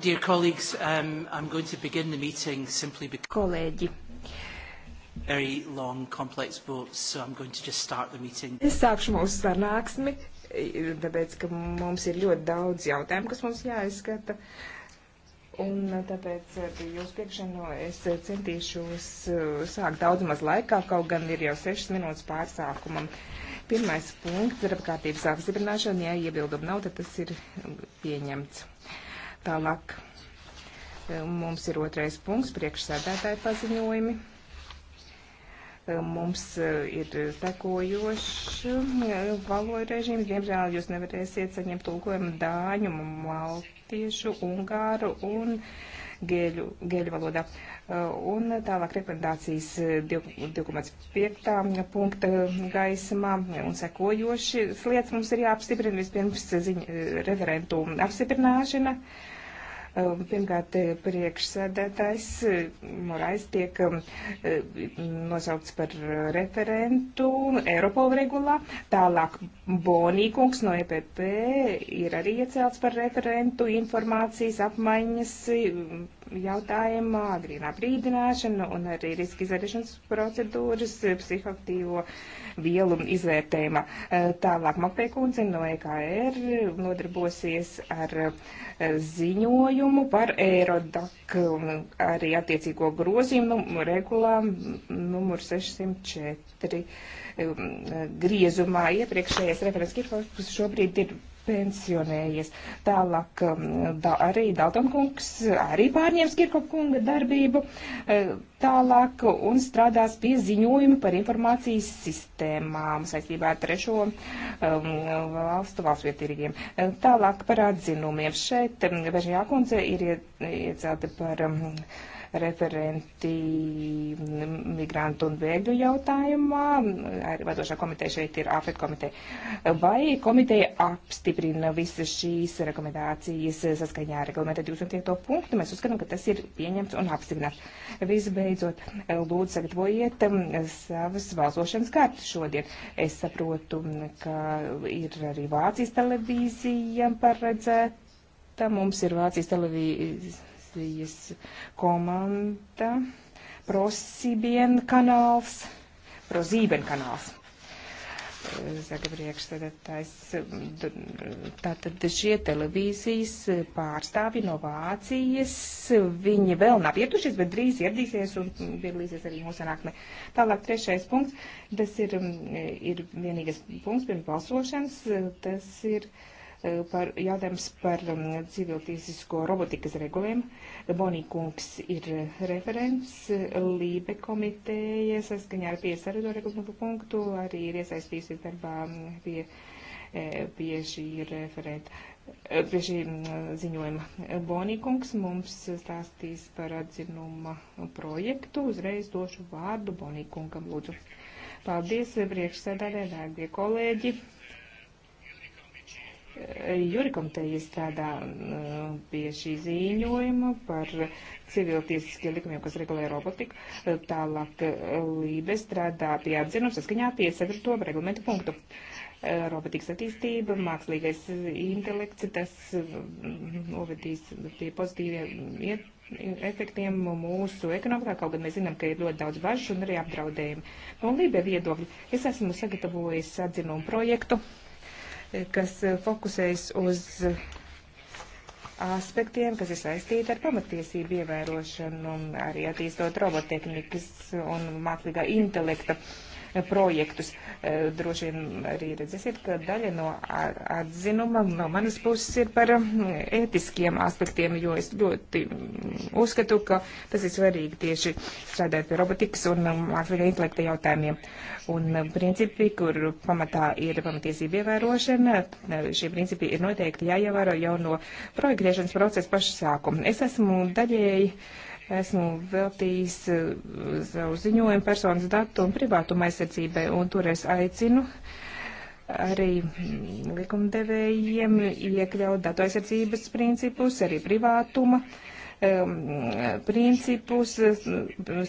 Dear colleagues, um, I'm going to begin the meeting simply because... Kolēģi. Very long, complex votes, so I'm going to just start the meeting. Es sākšu mūsu sanāksmi, tāpēc, ka mums ir ļoti daudz jautājumu, kas mums jāizskata. Un uh, tāpēc ar uh, jūsu piekšanu es uh, centīšos sākt daudz maz laikā, kaut gan ir jau sešas minūtes pārsākumam. Pirmais punkts, darba kārtības apstiprināšana, ja iebildumu nav, tad tas ir um, pieņemts. Tālāk mums ir otrais punkts, priekšsēdētāji paziņojumi. Mums eh, ir sekojošs eh, valoda režīms. Diemžēl jūs nevarēsiet saņemt tulkojumu dāņu, maltiešu, ungāru un. Uh, gēļu, gēļu valodā. Uh, un tālāk rekomendācijas 2,5 uh, mm, punkta mm, gaismā mm, un sekojoši lietas mums ir jāapstiprina vispirms ziņa, uh, referentu apstiprināšana. Uh, Um, pirmkārt, eh, priekšsēdētājs eh, Morais tiek um, eh, nosaukts par referentu Eiropola regulā. Tālāk Bonīkungs no EPP ir arī iecelts par referentu informācijas apmaiņas um, jautājumā, agrīnā brīdināšana un arī riska izvērtēšanas procedūras eh, psihoaktīvo vielu izvērtējuma. Eh, tālāk Mapēkundze no EKR nodarbosies ar eh, ziņojumu par Eirodak arī attiecīgo grozījumu regulām numur 604 griezumā. Iepriekšējais referents Kirkovs šobrīd ir pensionējies. Tālāk um, da, arī Daltonkungs arī pārņems Kirkokunga darbību uh, tālāk un strādās pie ziņojuma par informācijas sistēmām saistībā ar trešo um, valstu valstsvietīrīgiem. Uh, tālāk par atzinumiem. Šeit Bežņā um, kundze ir iecēta par. Um, referenti migrantu un bēgļu jautājumā. Vadošā komiteja šeit ir AFET komiteja. Vai komiteja apstiprina visas šīs rekomendācijas saskaņā ar reglamenta 25. punktu? Mēs uzskatām, ka tas ir pieņemts un apstiprināts. Visbeidzot, lūdzu sagatavojiet um, savas balsošanas kartas šodien. Es saprotu, ka ir arī Vācijas televīzija paredzēta. Mums ir Vācijas televīzija komisijas komanda, prosībien kanāls, prozīben kanāls. Zaga priekšsēdētājs, tātad šie televīzijas pārstāvi no Vācijas, viņi vēl nav ietušies, bet drīz ieradīsies un piedalīsies arī mūsu sanāksmē. Tālāk trešais punkts, tas ir, ir vienīgais punkts pirms balsošanas, tas ir. Uh, Eh, par jautājums par um, civiltīsisko robotikas regulēm. Bonīkungs ir referents Lībe komiteja saskaņā ar 54. regulāru punktu, arī ir iesaistījusies darbā um, pie, eh, pie šī referenta. Eh, pie šī mm, ziņojuma Bonīkungs mums stāstīs par atzinuma projektu. Uzreiz došu vārdu Bonīkungam, lūdzu. Paldies, priekšsēdētāji, dārgie kolēģi. Jurikomiteja strādā mm, pie šī ziņojuma par civiltiesiskiem likumiem, kas regulē robotiku. Tālāk eh, Lībe strādā pie atzinuma saskaņā 54. reglamentu punktu. Eh, robotikas attīstība, mākslīgais intelekts, tas mm, novedīs pie pozitīviem efektiem mūsu ekonomikā, kaut gan mēs zinām, ka ir ļoti daudz bažu un arī apdraudējumu. No Lībe viedokļa es esmu sagatavojis atzinumu projektu kas eh, fokusējas uz eh, aspektiem, kas ir saistīti ar pamatiesību ievērošanu, arī attīstot robotehnikas un mākslīgā intelekta uh, projektus. E, droši vien arī redzēsiet, ka daļa no atzinuma no manas puses ir par ētiskiem aspektiem, jo es ļoti uzskatu, ka tas ir svarīgi tieši strādāt pie robotikas un mākslīgā intelekta jautājumiem. Un principi, kur pamatā ir pamatiesība ievērošana, šie principi ir noteikti jāievēro jau no projektēšanas procesa paša sākuma. Es esmu daļēji Esmu veltījis eh, savu ziņojumu personas datu un privātuma aizsardzībai, un tur es aicinu arī mm, likumdevējiem iekļaut datu aizsardzības principus, arī privātuma um, principus, eh,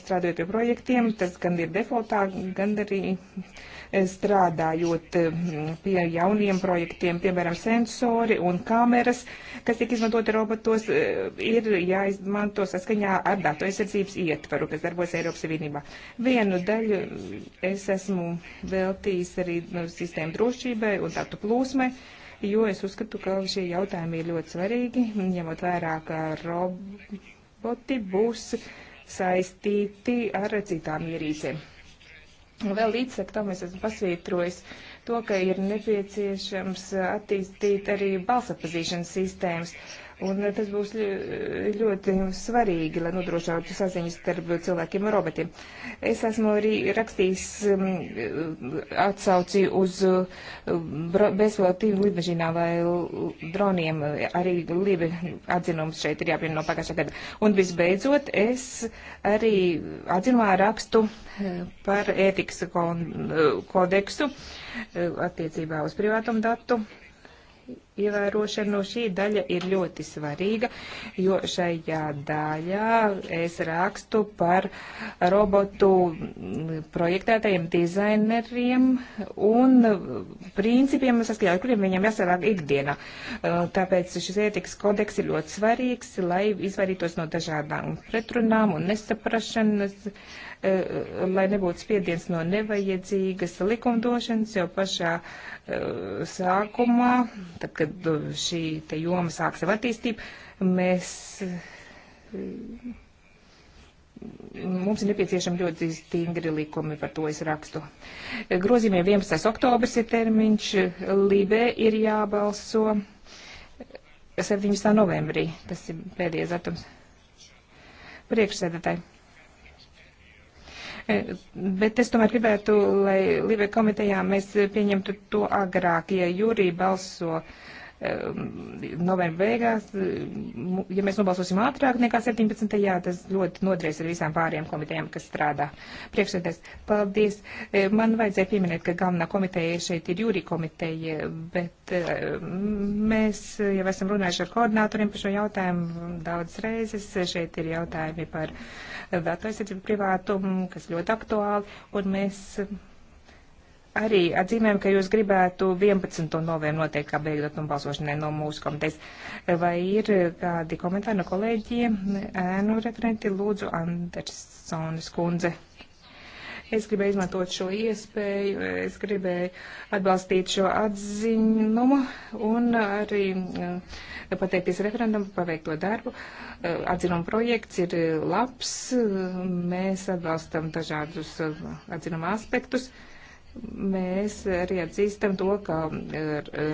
strādājot pie projektiem, tas gan ir defaultā, gan arī uh, strādājot eh, pie jauniem projektiem, piemēram, sensori un kameras, kas tiek izmantoti robotos, eh, ir jāizmanto saskaņā ar datu aizsardzības ietvaru, kas darbojas Eiropas Savienībā. Vienu daļu es esmu veltījis arī nu, sistēmu drošībai un datu plūsmai jo es uzskatu, ka šie jautājumi ir ļoti svarīgi, ņemot vērā, ka roboti būs saistīti ar citām ierīcēm. Un vēl līdzsek tam es esmu pasvītrojis to, ka ir nepieciešams attīstīt arī balsapazīšanas sistēmas. Uh, Un eh, tas būs eh, ļoti svarīgi, lai nodrošinātu saziņas starp cilvēkiem un robotiem. Es esmu arī rakstījis mm, atsauci uz eh, bezvēl tīm lidmašīnām vai droniem. Arī Lībe atzinums šeit ir jāpien no pagājušā gada. Un visbeidzot, es arī atzinumā rakstu par ētikas kodeksu attiecībā uz privātumu datu ievērošana no šī daļa ir ļoti svarīga, jo šajā daļā es rakstu par robotu projektētajiem dizaineriem un principiem, saskaņā ar kuriem viņam jāsavāk ikdienā. Tāpēc šis ētikas kodeks ir ļoti svarīgs, lai izvairītos no dažādām pretrunām un nesaprašanas lai nebūtu spiediens no nevajadzīgas likumdošanas jau pašā uh, sākumā, tad, kad kad uh, šī te joma sāk sev attīstību, mēs, uh, mums ir nepieciešami ļoti stingri likumi, par to es rakstu. Grozījumiem 11. oktobris ir termiņš, Libē ir jābalso 17. novembrī, tas ir pēdējais datums. Priekšsēdētāji. Eh, bet es tomēr gribētu, lai Lībija komitejā mēs pieņemtu to agrāk, ja jūrī balso Ehm, novembra beigās, ja mēs nobalsosim ātrāk nekā 17. jā, tas ļoti nodries ar visām pārējām komitejām, kas strādā. Priekšsēdēs, paldies. E, man vajadzēja pieminēt, ka galvenā komiteja šeit ir jūrī komiteja, bet e, mēs jau esam runājuši ar koordinātoriem par šo jautājumu daudz reizes. Šeit ir jautājumi par datu aizsardzību privātumu, kas ļoti aktuāli, un mēs arī atzīmējam, ka jūs gribētu 11. novembrim noteikti kā beigdatumu balsošanai no mūsu komitejas. Vai ir kādi komentāri no kolēģiem? Ēnu referenti lūdzu Andersonas kundze. Es gribēju izmantot šo iespēju, es gribēju atbalstīt šo atziņumu un arī eh, pateikties referendumu par veikto darbu. Eh, atzinuma projekts ir labs, mēs atbalstam dažādus eh, atzinuma aspektus. Mēs arī atzīstam to, ka e,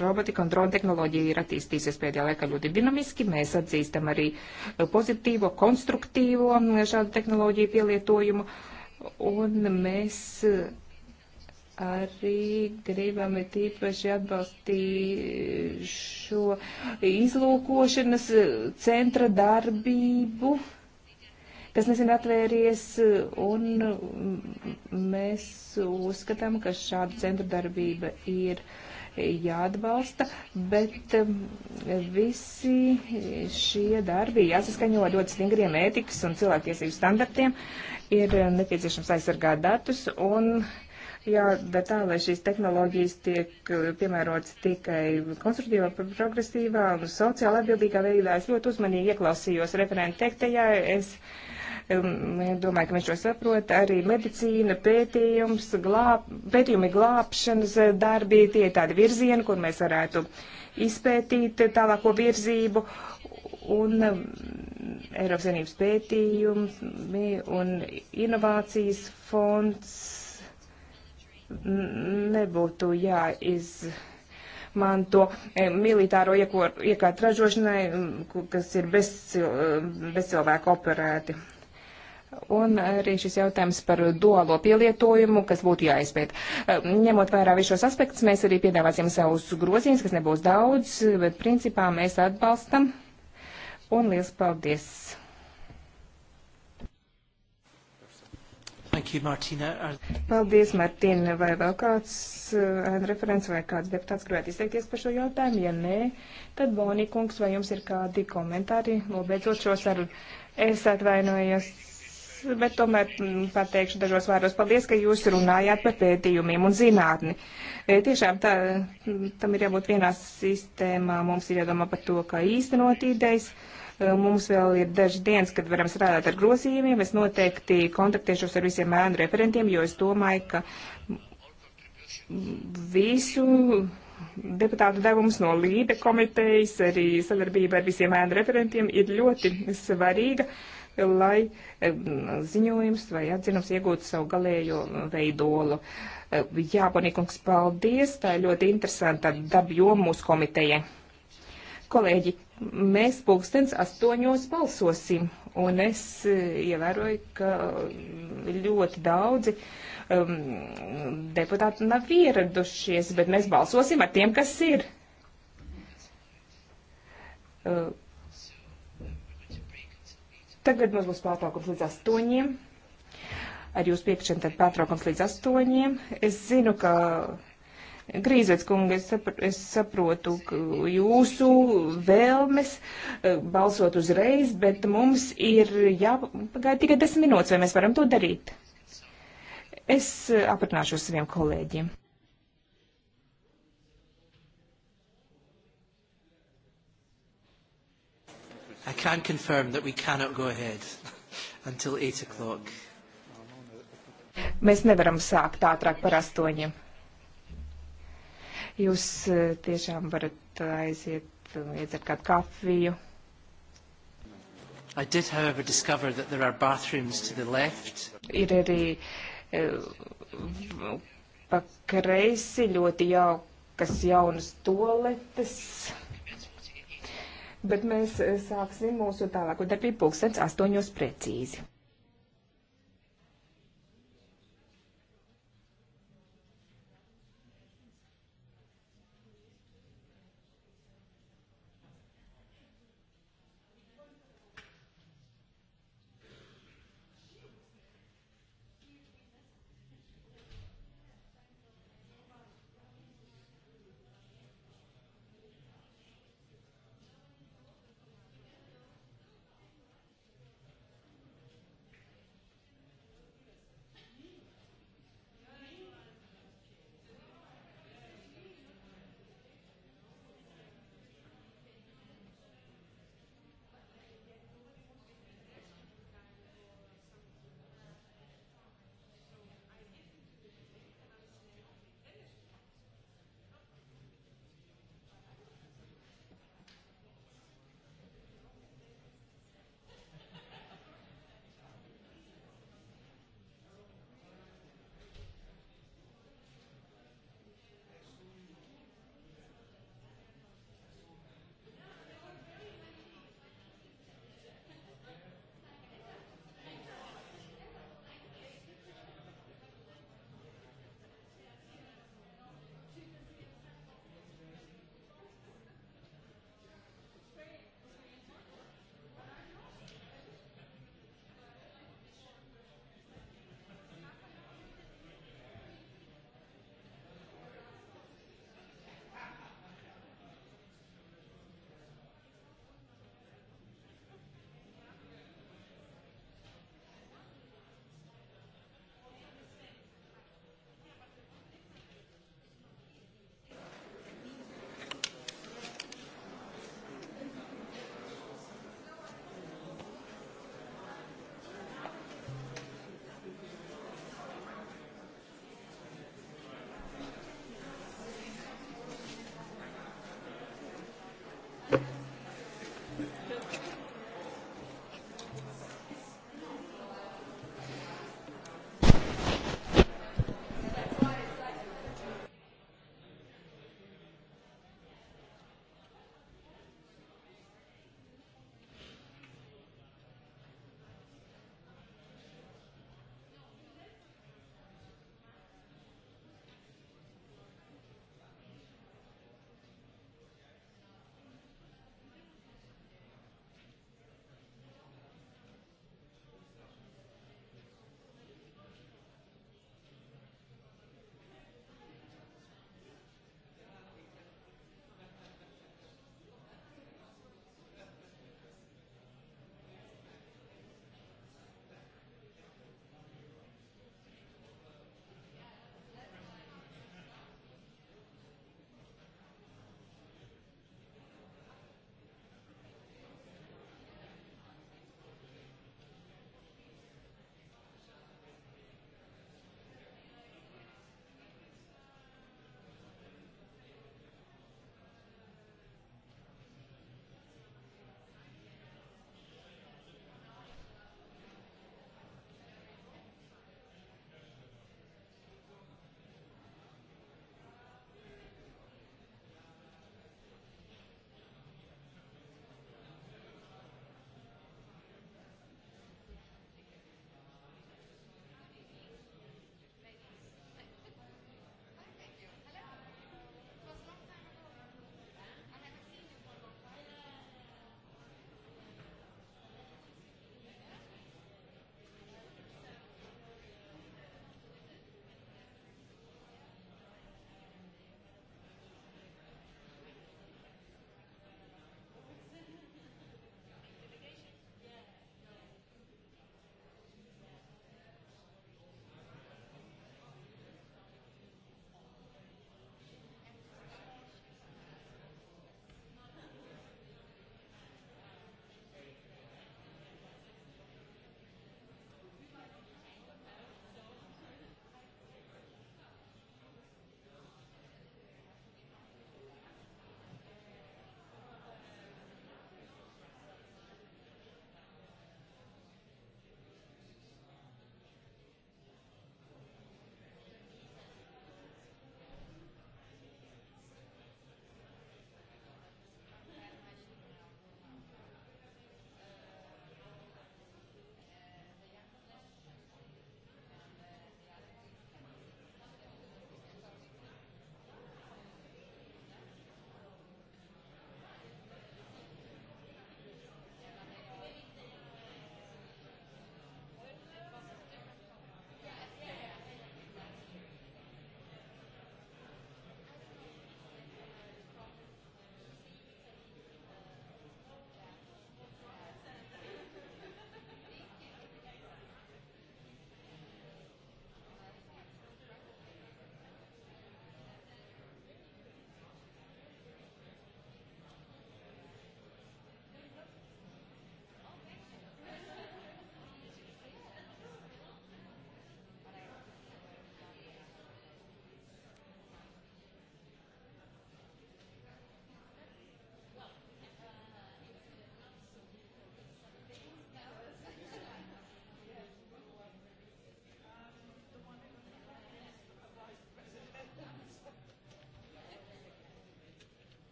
robotika un drona tehnoloģija ir attīstīsies pēdējā laikā ļoti dinamiski. Mēs atzīstam arī e, pozitīvo, konstruktīvo šādu tehnoloģiju pielietojumu. Un mēs arī gribam tīpaši atbalstīt šo izlūkošanas e, centra darbību kas nesen atvēries, un mēs uzskatām, ka šāda centra darbība ir jāatbalsta, bet um, visi šie darbi jāsaskaņo ar ļoti stingriem ētikas un cilvēktiesību standartiem, ir nepieciešams aizsargāt datus un Jā, bet tā, lai šīs tehnoloģijas tiek uh, piemērotas tikai konstruktīvā, progresīvā un sociāli atbildīgā veidā, es ļoti uzmanīgi ieklausījos referentu teiktajā. Es Domāju, ka viņš to saprot. Arī medicīna, pētījums, glāb, pētījumi glābšanas darbi, tie ir tādi virzieni, kur mēs varētu izpētīt tālāko virzību un Eiropas Savienības pētījumi un inovācijas fonds nebūtu jāizmanto militāro iekārtu ražošanai, kas ir bezcil, bezcilvēku operēti. Un arī šis jautājums par duālo pielietojumu, kas būtu jāizpēt. Eh, ņemot vērā visos aspektus, mēs arī piedāvāsim savus grozījumus, kas nebūs daudz, bet principā mēs atbalstam. Un liels paldies! Thank you, Martina. Paldies, Martina. Vai vēl kāds uh, referents vai kāds deputāts gribētu izteikties par šo jautājumu? Ja nē, tad Bonī kungs, vai jums ir kādi komentāri? Lūbēdzot šo sarunu. Es atvainojos bet tomēr mm, pateikšu dažos vārdos paldies, ka jūs runājāt par pētījumiem un zinātni. E, tiešām tā, mm, tam ir jābūt vienā sistēmā, mums ir jādomā par to, kā īstenot idejas. E, mums vēl ir daži dienas, kad varam strādāt ar grozījumiem. Es noteikti kontaktēšos ar visiem ēnu referentiem, jo es domāju, ka visu deputātu devums no līde komitejas, arī sadarbība ar visiem ēnu referentiem ir ļoti svarīga. Uh, lai eh, ziņojums vai atzinums iegūtu savu galējo veidolu. Eh, Jā, Bonīkungs, paldies, tā ir ļoti interesanta dabjoma mūsu komiteja. Kolēģi, mēs pulkstens astoņos balsosim, un es eh, ievēroju, ka mm, ļoti daudzi um, deputāti nav ieradušies, bet mēs balsosim ar tiem, kas ir. Uh, Tagad mums būs pārtraukums līdz astoņiem. Ar jūsu piekrišanu tad pārtraukums līdz astoņiem. Es zinu, ka Grīzveids kunga, es, sapr es saprotu jūsu vēlmes eh, balsot uzreiz, bet mums ir jāpagaida tikai desmit minūtes, vai mēs varam to darīt. Es eh, aprunāšos saviem kolēģiem. I can confirm that we cannot go ahead until 8 o'clock. Mēs nevaram sākt ātrāk par astoņiem. Jūs eh, tiešām varat aiziet un eh, iedzert kādu kafiju. I did, however, discover that there are bathrooms to the left. Ir arī uh, pa kreisi ļoti jaukas jaunas toaletes bet mēs eh, sāksim mūsu tālāko darbību pulkstens astoņos precīzi.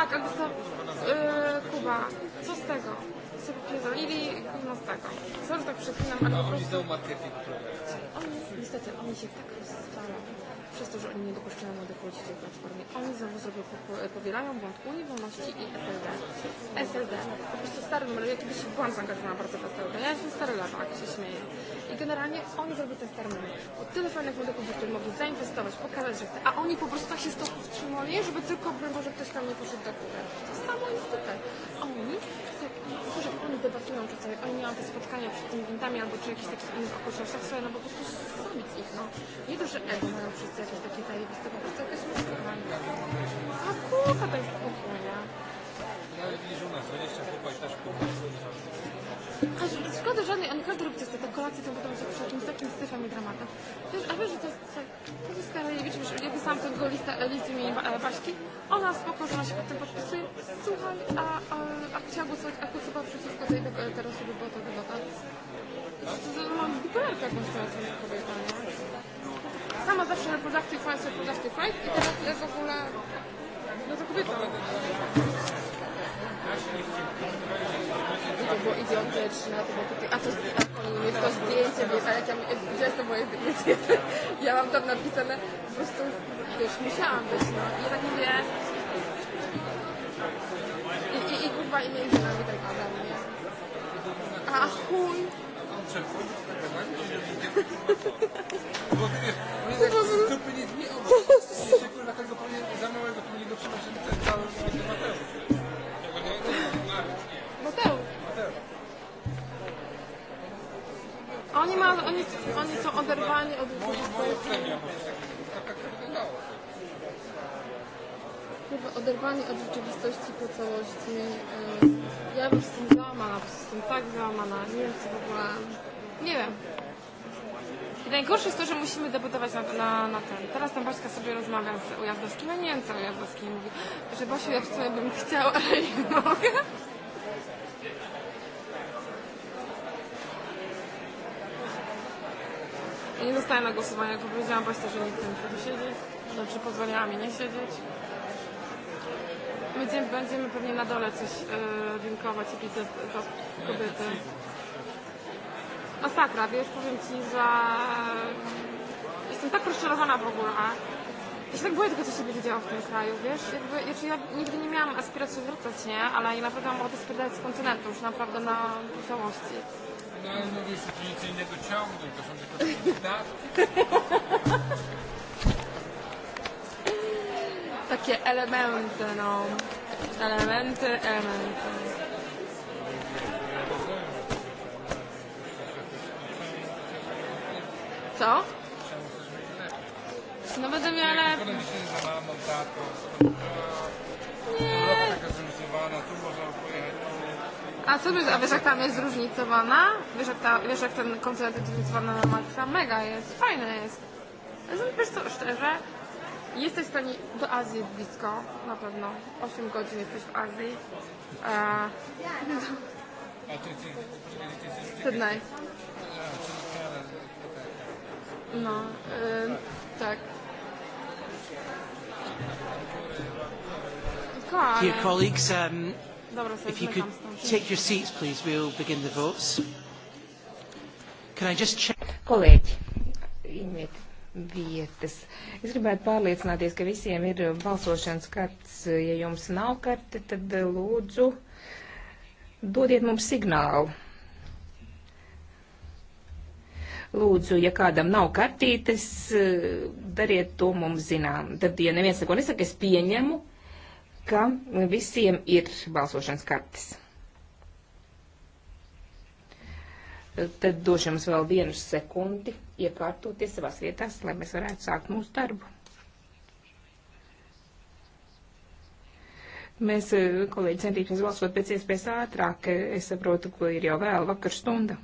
tak, ale to yy, Kuba, co z tego? Sobie pierdolili, no z tego. Sorry, tak przeklinam, ale po prostu... Oni, niestety, oni się tak rozstaną przez to, że oni nie dopuszczają młodych ludzi w tej platformie. Oni znowu sobie powielają błąd Unii Wolności i SLD. SLD, po prostu stary numer, ja kiedyś byłam zaangażowana bardzo w SLD. Ja jestem stary lewak, się śmieję. I generalnie oni zrobią ten termin. Bo tyle fajnych medyków, którzy mogli zainwestować, pokazać, że chce. A oni po prostu tak się stąd wstrzymali, żeby tylko, może ktoś tam nie poszedł do góry. To samo jest tutaj. Oni to, że oni debatują, czy coś, oni mają te spotkania przed tymi windami albo przy jakichś takich innych okolicznościach, sobie no po prostu zabić ich, no. Nie to, że ego mają wszyscy jakieś takie zajebiste, po prostu jakieś rozkrywanie. A kurwa, to jest spokojnie. No ale widzisz u nas, 20 chłopak też kurwa. Aż szkoda żadnej, oni każdy robi te kolacje, to potem się przy jakimś takim syfem i dramatem. Wiesz, a wiesz, że to jest tak, to jest Karajewicz, wiesz, ja pisałam tego lista, listy mi e, Baśki, ona spoko, że ona się pod tym podpisuje, słuchaj, a, a, a chciała głosować, a głosowała przeciwko tej tego, teraz, żeby była to debata. Mam bipolarkę jakąś teraz, jak kobieta, nie? Sama zawsze reproductive rights, reproductive rights i teraz w ogóle, no to kobieta. Это было идиотично, это было такое... А то, а он мне то здесь, а я там... Где с тобой? Я mam tam napisane, po prostu, wiesz, musiałam być, no. I tak mówię... I, i, i kurwa, i między nami tak pada, nie? A chuj! Przechodzić na kanale? Bo wiesz, my tak stupy nie zmieniamy. oni, ma, oni, oni są oderwani od rzeczywistości. Kurwa, oderwani od rzeczywistości po całości. E, ja bym z tym załamana, jestem tak załamana. Nie wiem, co w ogóle... Nie wiem. I najgorsze jest to, że musimy debutować na, na, na ten. Teraz tam Baśka sobie rozmawia z Ujazdowskim, a nie wiem co Ujazdowski mówi. Że Basiu, ja w sumie bym chciała, ale nie mogę. Nie zostałem na głosowanie, tylko powiedziałam Państwu, że nie chcę tu siedzieć. Znaczy pozwoliła mi nie siedzieć. Będziemy, będziemy pewnie na dole coś yy, e, winkować i pić do kobiety. Masakra, wiesz, powiem Ci, że e, jestem tak rozczarowana w ogóle. Ja się tak boję tylko, co się będzie działo w tym kraju, wiesz? Jakby, znaczy ja nigdy nie miałam aspiracji wracać, nie? Ale ja naprawdę mam ochotę sprzedać z kontynentu już naprawdę na całości. No ale no wiesz, to nic innego ciągnie, to są tylko wydatki. Takie elementy, no. Elementy, elementy. Co? No będę miała lepiej. Ekonomicznie za mamą, tatą. Nie. Europa taka zróżnicowana, tu można A co wiesz, a wiesz jak tam jest zróżnicowana? Wiesz jak, ta, wiesz jak ten koncert jest zróżnicowany na maksa? Mega jest, fajne jest. Wiesz co, szczerze, jesteś w stanie, do Azji jest blisko, na pewno. 8 godzin jesteś w Azji. Uh, e, Sydney. No, yy, tak. Dear colleagues, um, Dobro, If you could take your seats, please, we'll begin the votes. Can I just check? Kolēģi, imiet vietas. Es gribētu pārliecināties, ka visiem ir balsošanas karts. Ja jums nav karte, tad eh, lūdzu dodiet mums signālu. Lūdzu, ja kādam nav kartītes, eh, dariet to mums zinām. Tad, ja neviens neko nesaka, es pieņemu, ka visiem ir balsošanas kartes. Tad došu jums vēl vienu sekundi iekārtoties savās vietās, lai mēs varētu sākt mūsu darbu. Mēs, eh, kolēģi, centīsimies balsot pēc iespējas ātrāk. Es saprotu, ka ir jau vēl vakar stunda.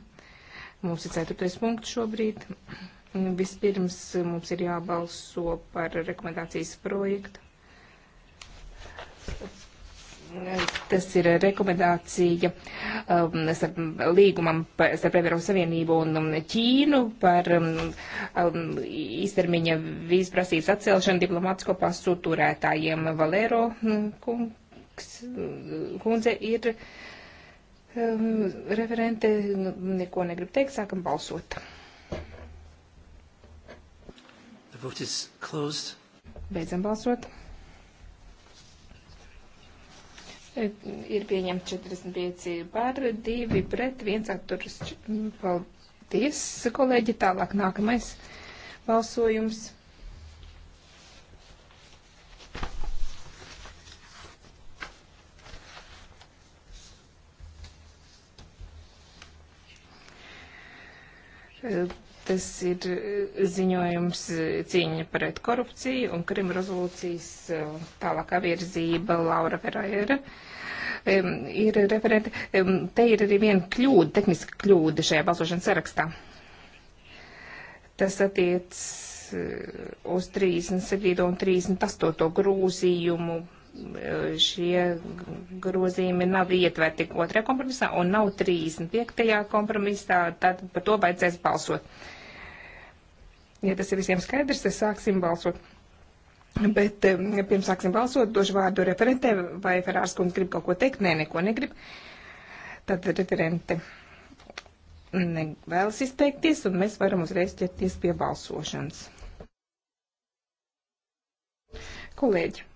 Mums ir ceturtais punkts šobrīd. Vispirms mums ir jābalso par rekomendācijas projektu Tas ir rekomendācija um, starp līgumam starp Eiropas Savienību un um, Ķīnu par um, um, īstermiņa vīzprasības atcelšanu diplomātisko pasu turētājiem. Valero mm, kungs, mm, kundze ir um, referente, nu, neko negrib teikt, sākam balsot. Beidzam balsot. ir pieņemts 45 par 2 pret 1 atturas. Paldies, kolēģi. Tālāk nākamais balsojums. Uh, Tas ir eh, ziņojums eh, cīņa pret korupciju un Krim rezolūcijas eh, tālākā virzība Laura Ferreira. Ir referente. Te ir arī viena kļūda, tehniska kļūda šajā balsošanas sarakstā. Tas attiec uz 37. un 38. grozījumu. Šie grozījumi nav ietverti otrajā kompromisā un nav 35. kompromisā, tad par to vajadzēs balsot. Ja tas ir visiem skaidrs, tad sāksim balsot. Bet eh, pirms sāksim balsot, došu vārdu referentē, vai Ferārs kundze grib kaut ko teikt? Nē, neko negrib. Tad referente vēlas izteikties, un mēs varam uzreiz ķerties pie balsošanas. Kolēģi,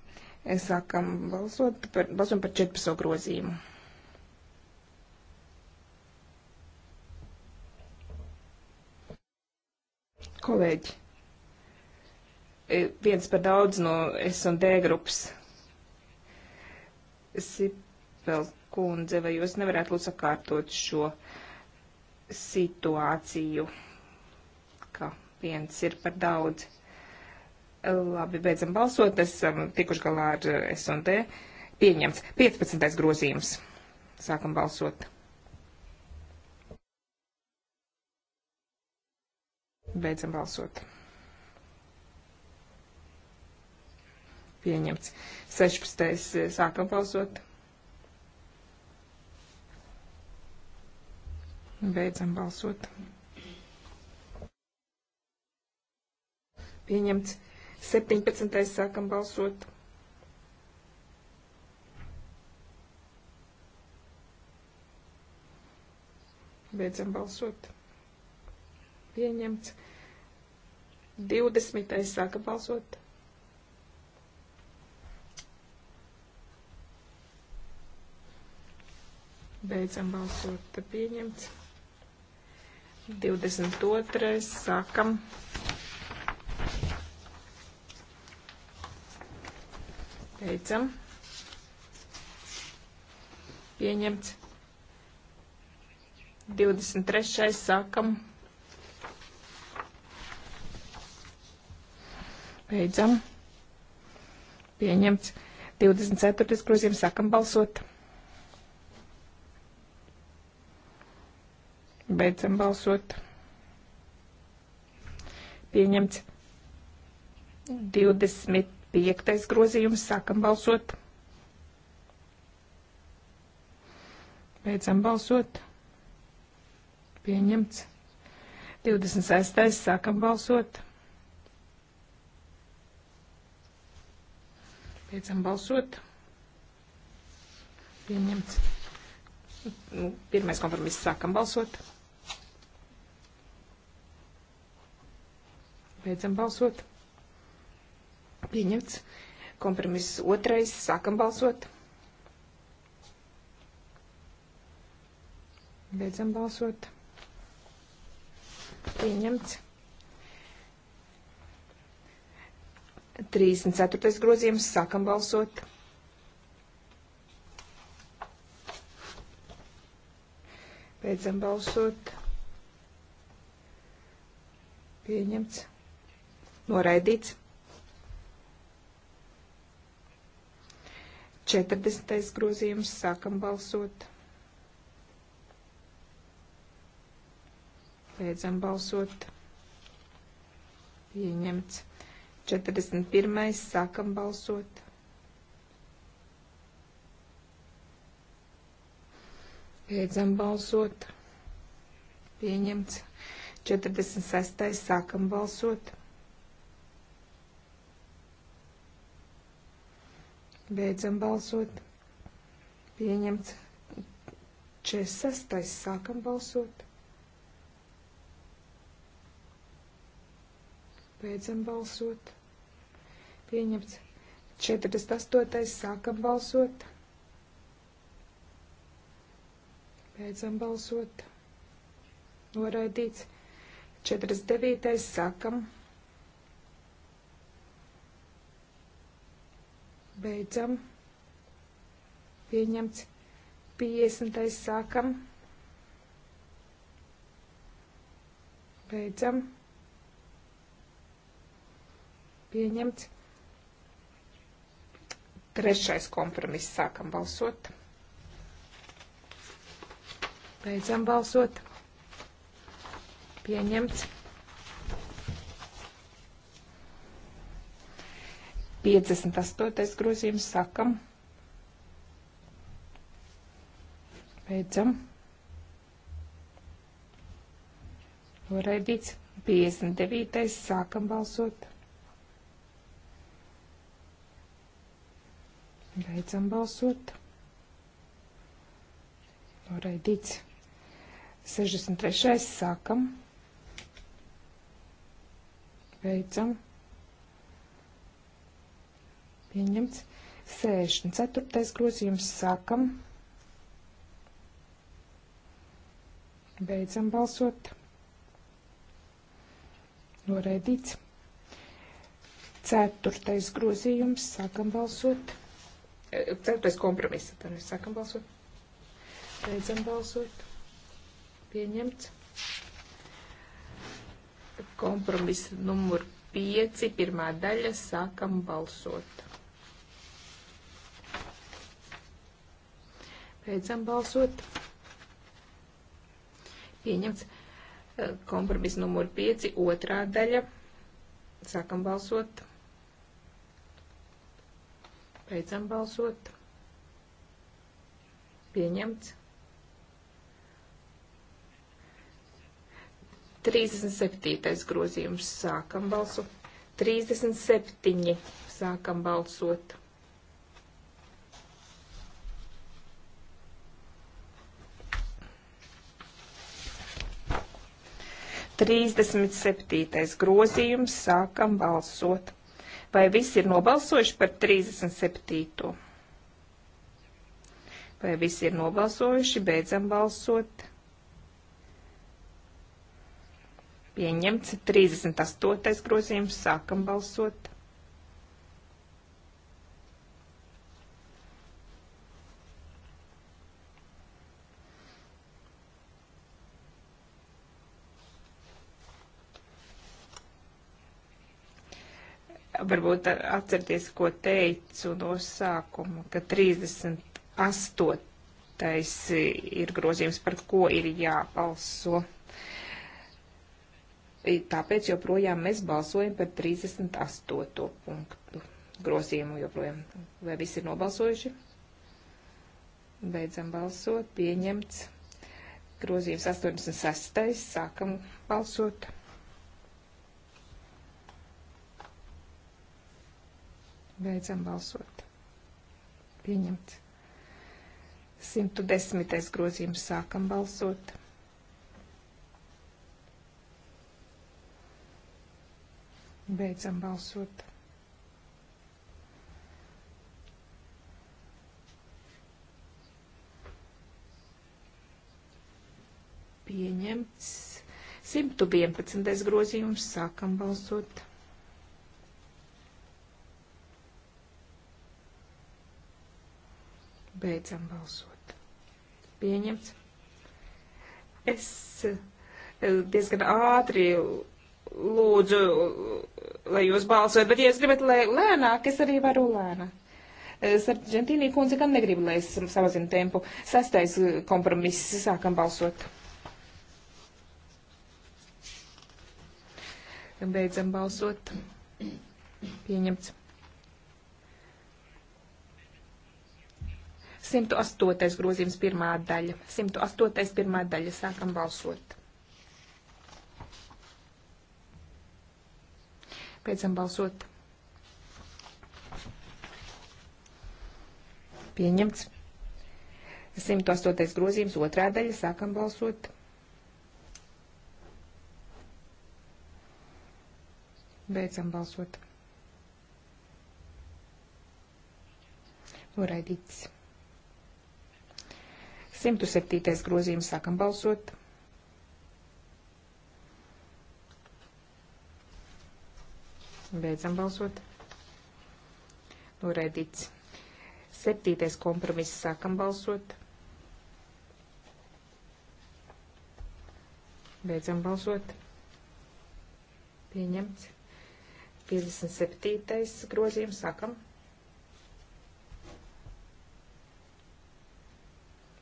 sākam balsot par, balsot par 14 grozījumu. Kolēģi, e, viens par daudz no S un D grupas. Sipel kundze, vai jūs nevarētu lūdzu sakārtot šo situāciju, ka viens ir par daudz? Labi, beidzam balsot, esam tikuši galā ar S un D. Pieņemts. 15. grozījums. Sākam balsot. Beidzam balsot. Pieņemts. 16. Eh, sākam balsot. Beidzam balsot. Pieņemts. 17. sākam balsot. Beidzam balsot pieņemts. 20. sāka balsot. Beidzam balsot pieņemts. 22. sākam. Beidzam. Pieņemts. 23. sākam. Beidzam. Pieņemts. 24. grozījums. Sākam balsot. Beidzam balsot. Pieņemts. 25. grozījums. Sākam balsot. Beidzam balsot. Pieņemts. 26. sākam balsot. Beidzam balsot. Pieņemts. Nu, pirmais kompromiss sākam balsot. Beidzam balsot. Pieņemts. Kompromiss otrais sākam balsot. Beidzam balsot. Pieņemts. 34. grozījums. Sākam balsot. Beidzam balsot. Pieņemts. Noraidīts. 40. grozījums. Sākam balsot. Beidzam balsot. Pieņemts. 41. sākam balsot. Beidzam balsot. Pieņemts. 46. sākam balsot. Beidzam balsot. Pieņemts. 46. sākam balsot. Beidzam balsot pieņemts. 48. sākam balsot. Beidzam balsot. Noraidīts. 49. sākam. Beidzam. Pieņemts. 50. sākam. Beidzam. Pieņemts. Trešais kompromiss. Sākam balsot. Beidzam balsot. Pieņemts. 58. grozījums sakam. Beidzam. Noraidīts. 59. sākam balsot. Beidzam balsot. Noraidīts. 63. Sākam. Beidzam. Pieņemts. 64. grozījums. Sākam. Beidzam balsot. Noraidīts. Ceturtais grozījums. Sākam balsot. Ceturtais kompromiss. Tad mēs sākam balsot. Beidzam balsot. Pieņemts. Kompromiss numur 5, pirmā daļa, sākam balsot. Beidzam balsot. Pieņemts kompromiss numur 5, otrā daļa. Sākam balsot. Beidzam balsot. Pieņemts. 37. grozījums. Sākam balsot. 37. Sākam balsot. Trīsdesmit septītais grozījums sākam balsot. Vai visi ir nobalsojuši par 37. Vai visi ir nobalsojuši? Beidzam balsot. Pieņemts 38. grozījums. Sākam balsot. varbūt atcerieties, ko teicu no sākuma, ka 38. ir grozījums, par ko ir jābalso. Tāpēc joprojām mēs balsojam par 38. punktu grozījumu joprojām. Vai visi ir nobalsojuši? Beidzam balsot, pieņemts. Grozījums 86. sākam balsot. Beidzam balsot. Pieņemts. 110. grozījums sākam balsot. Beidzam balsot. Pieņemts. 111. grozījums sākam balsot. Beidzam balsot. Pieņemts. Es eh, diezgan ātri lūdzu, lai jūs balsot, bet, ja jūs gribat lai lēnāk, es arī varu lēnāk. Eh, Sargentīnī kundze gan negrib, lai es samazinu tempu. Sastais eh, kompromiss, sākam balsot. Beidzam balsot. Pieņemts. 108. grozījums pirmā daļa. 108. pirmā daļa. Sākam balsot. Beidzam balsot. Pieņemts. 108. grozījums otrā daļa. Sākam balsot. Beidzam balsot. Noraidīts. 107. grozījums sākam balsot. Beidzam balsot. Noraidīts. Septītais kompromiss sākam balsot. Beidzam balsot. Pieņemts. 57. grozījums sākam balsot.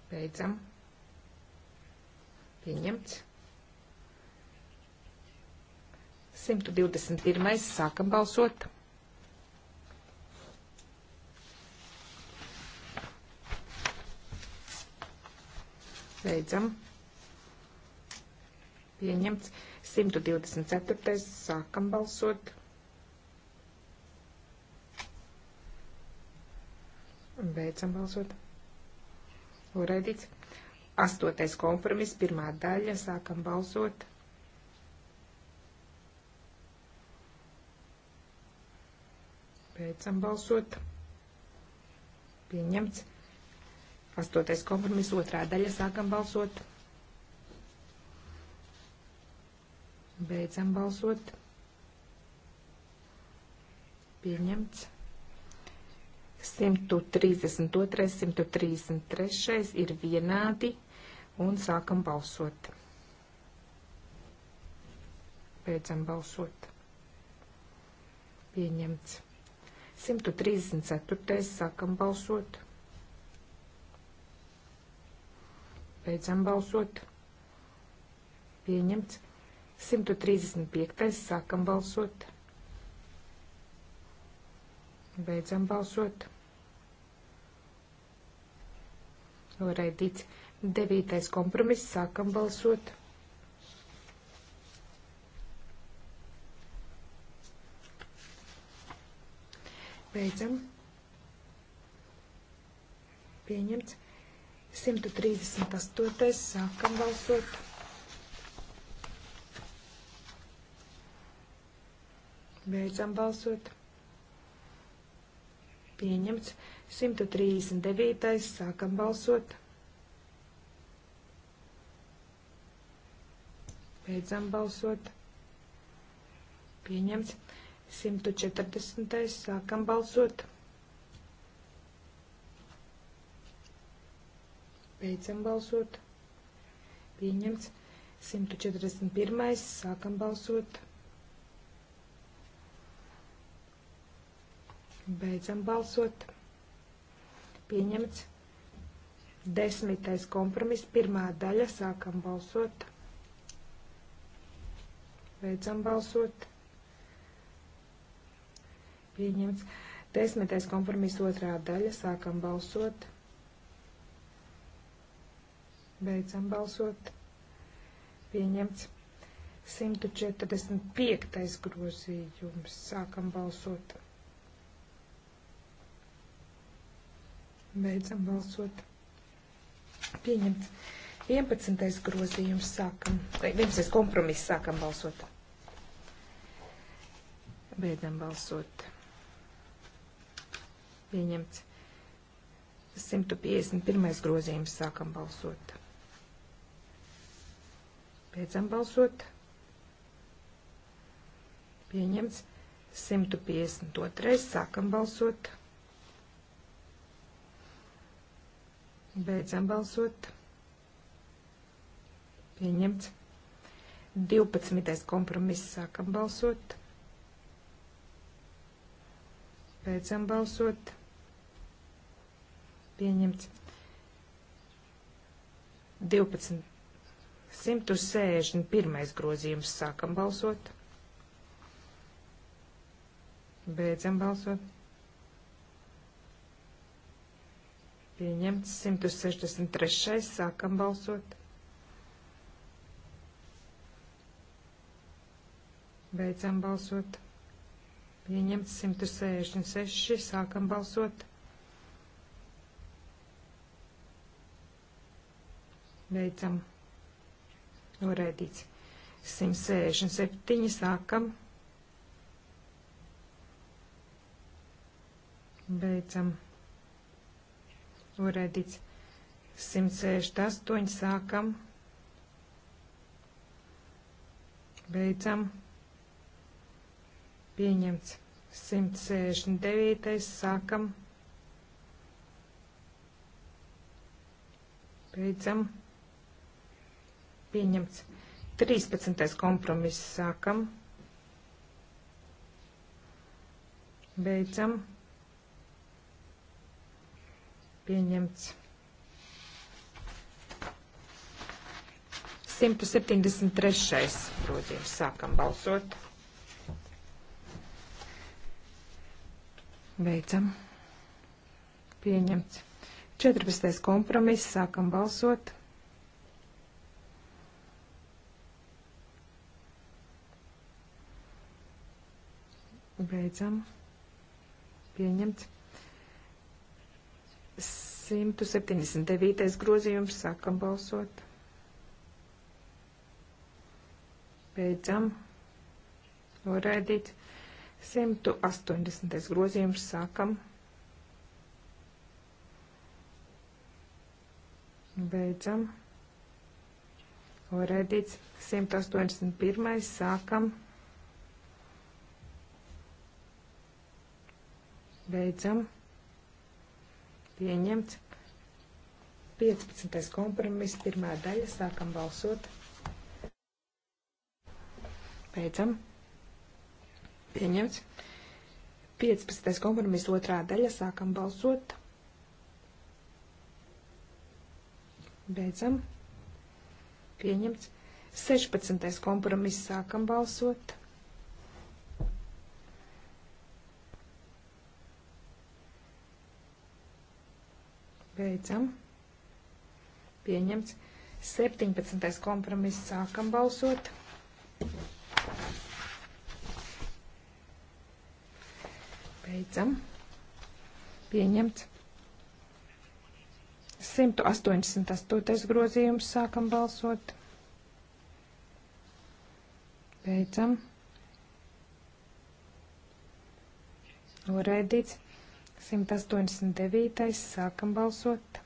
Beidzam. Pieņemts. 121. Sākam balsot. Beidzam. Pieņemts. 124. Sākam balsot. Beidzam balsot. Noraidīts. Astotais kompromiss, pirmā daļa, sākam balsot. Beidzam balsot. Pieņemts. Astotais kompromiss, otrā daļa, sākam balsot. Beidzam balsot. Pieņemts. 132, 133 ir vienādi un sākam balsot. Beidzam balsot. Pieņemts. 134. sākam balsot. Beidzam balsot. Pieņemts. 135. sākam balsot. Beidzam balsot. Noraidīts. Devītais kompromiss. Sākam balsot. Beidzam. Pieņemts. 138. Sākam balsot. Beidzam balsot pieņemts. 139. sākam balsot. Beidzam balsot. Pieņemts. 140. sākam balsot. Beidzam balsot. Pieņemts. 141. sākam balsot. Beidzam balsot. Pieņemts. Desmitais kompromiss, pirmā daļa, sākam balsot. Beidzam balsot. Pieņemts. Desmitais kompromiss, otrā daļa, sākam balsot. Beidzam balsot. Pieņemts. 145. grozījums, sākam balsot. Beidzam balsot. Pieņemts. 11. grozījums sākam. 11. kompromiss sākam balsot. Beidzam balsot. Pieņemts. 151. grozījums sākam balsot. Beidzam balsot. Pieņemts. 152. sākam balsot. Pieņemts. Beidzam balsot. Pieņemts. 12. kompromiss sākam balsot. Beidzam balsot. Pieņemts. 12. 161. grozījums sākam balsot. Beidzam balsot. Pieņemts 163. Sākam balsot. Beidzam balsot. Pieņemts 166. Sākam balsot. Beidzam. Noraidīts. 167. Sākam. Beidzam. Noraidīts. 168 sākam. Beidzam. Pieņemts. 169 sākam. Beidzam. Pieņemts. 13. kompromiss sākam. Beidzam pieņemts. 173. grozījums. Sākam balsot. Beidzam. Pieņemts. 14. kompromiss. Sākam balsot. Beidzam. Pieņemts. 179. grozījums sākam balsot. Beidzam. Noraidīts. 180. grozījums sākam. Beidzam. Noraidīts. 181. sākam. Beidzam pieņemts. 15. kompromiss, pirmā daļa, sākam balsot. Beidzam. Pieņemts. 15. kompromiss, otrā daļa, sākam balsot. Beidzam. Pieņemts. 16. kompromiss, sākam balsot. Beidzam. Pieņemts. 17. kompromiss. Sākam balsot. Beidzam. Pieņemts. 188. grozījums. Sākam balsot. Beidzam. Noraidīts. 189. sākam balsot.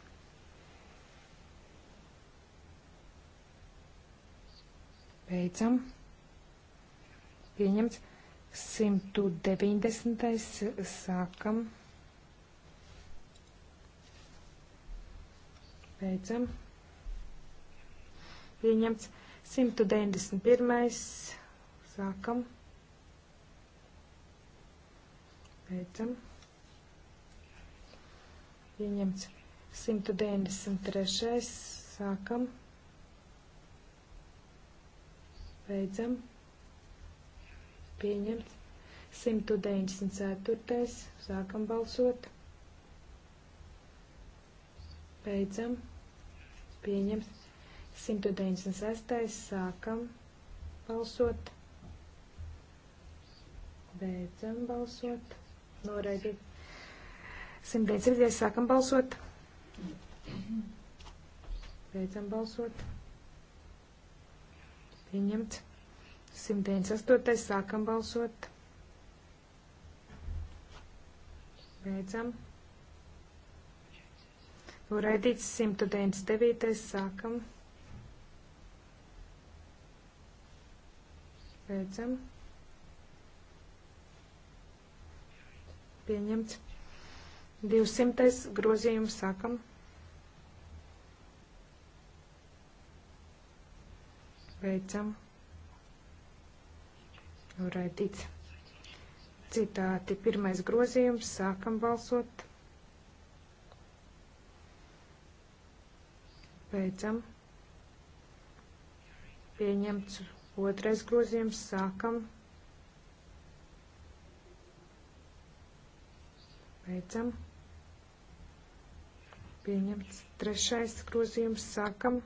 Beidzam. Pieņemts. 190. sākam. Beidzam. Pieņemts. 191. sākam. Beidzam pieņemts 193. sākam, beidzam, pieņemts 194. sākam balsot, beidzam, pieņemts 196. sākam balsot, beidzam balsot, noraidīt 109. sākam balsot. Beidzam balsot. Pieņemts. 198. sākam balsot. Beidzam. Uraidīts 199. sākam. Beidzam. Pieņemts. 200. grozījums sākam. Beidzam. Raidīts. Citāti. Pirmais grozījums. Sākam balsot. Beidzam. Pieņemts otrais grozījums. Sākam. Beidzam. Pieņemts. Trešais grozījums. Sākam.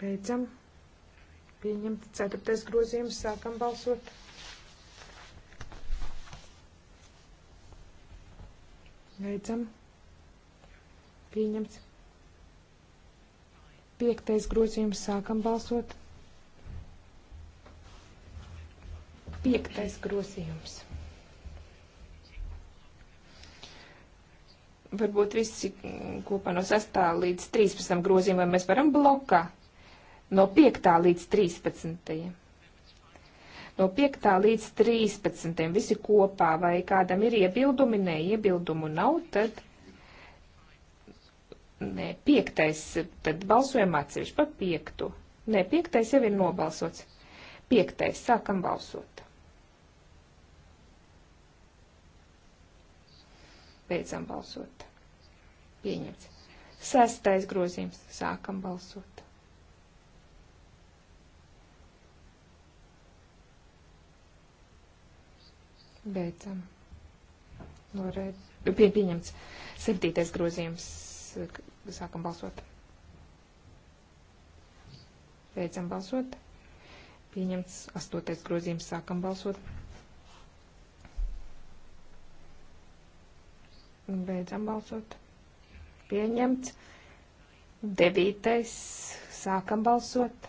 Beidzam. Pieņemts. Ceturtais grozījums. Sākam balsot. Beidzam. Pieņemts. Piektais grozījums. Sākam balsot. Piektais grozījums. varbūt visi kopā no 6. līdz 13. grozījumam, vai mēs varam blokā no 5. līdz 13. No 5. līdz 13. visi kopā, vai kādam ir iebildumi, nē, iebildumu nav, tad nē, 5. tad balsojam atsevišķi par 5. Nē, 5. jau ir nobalsots. 5. sākam balsot. Beidzam balsot. Pieņemts. Sestais grozījums. Sākam balsot. Beidzam. Noraid... Pie, pieņemts. Septītais grozījums. Sākam balsot. Beidzam balsot. Pieņemts. Astotais grozījums. Sākam balsot. Beidzam balsot. Pieņemts. Devītais. Sākam balsot.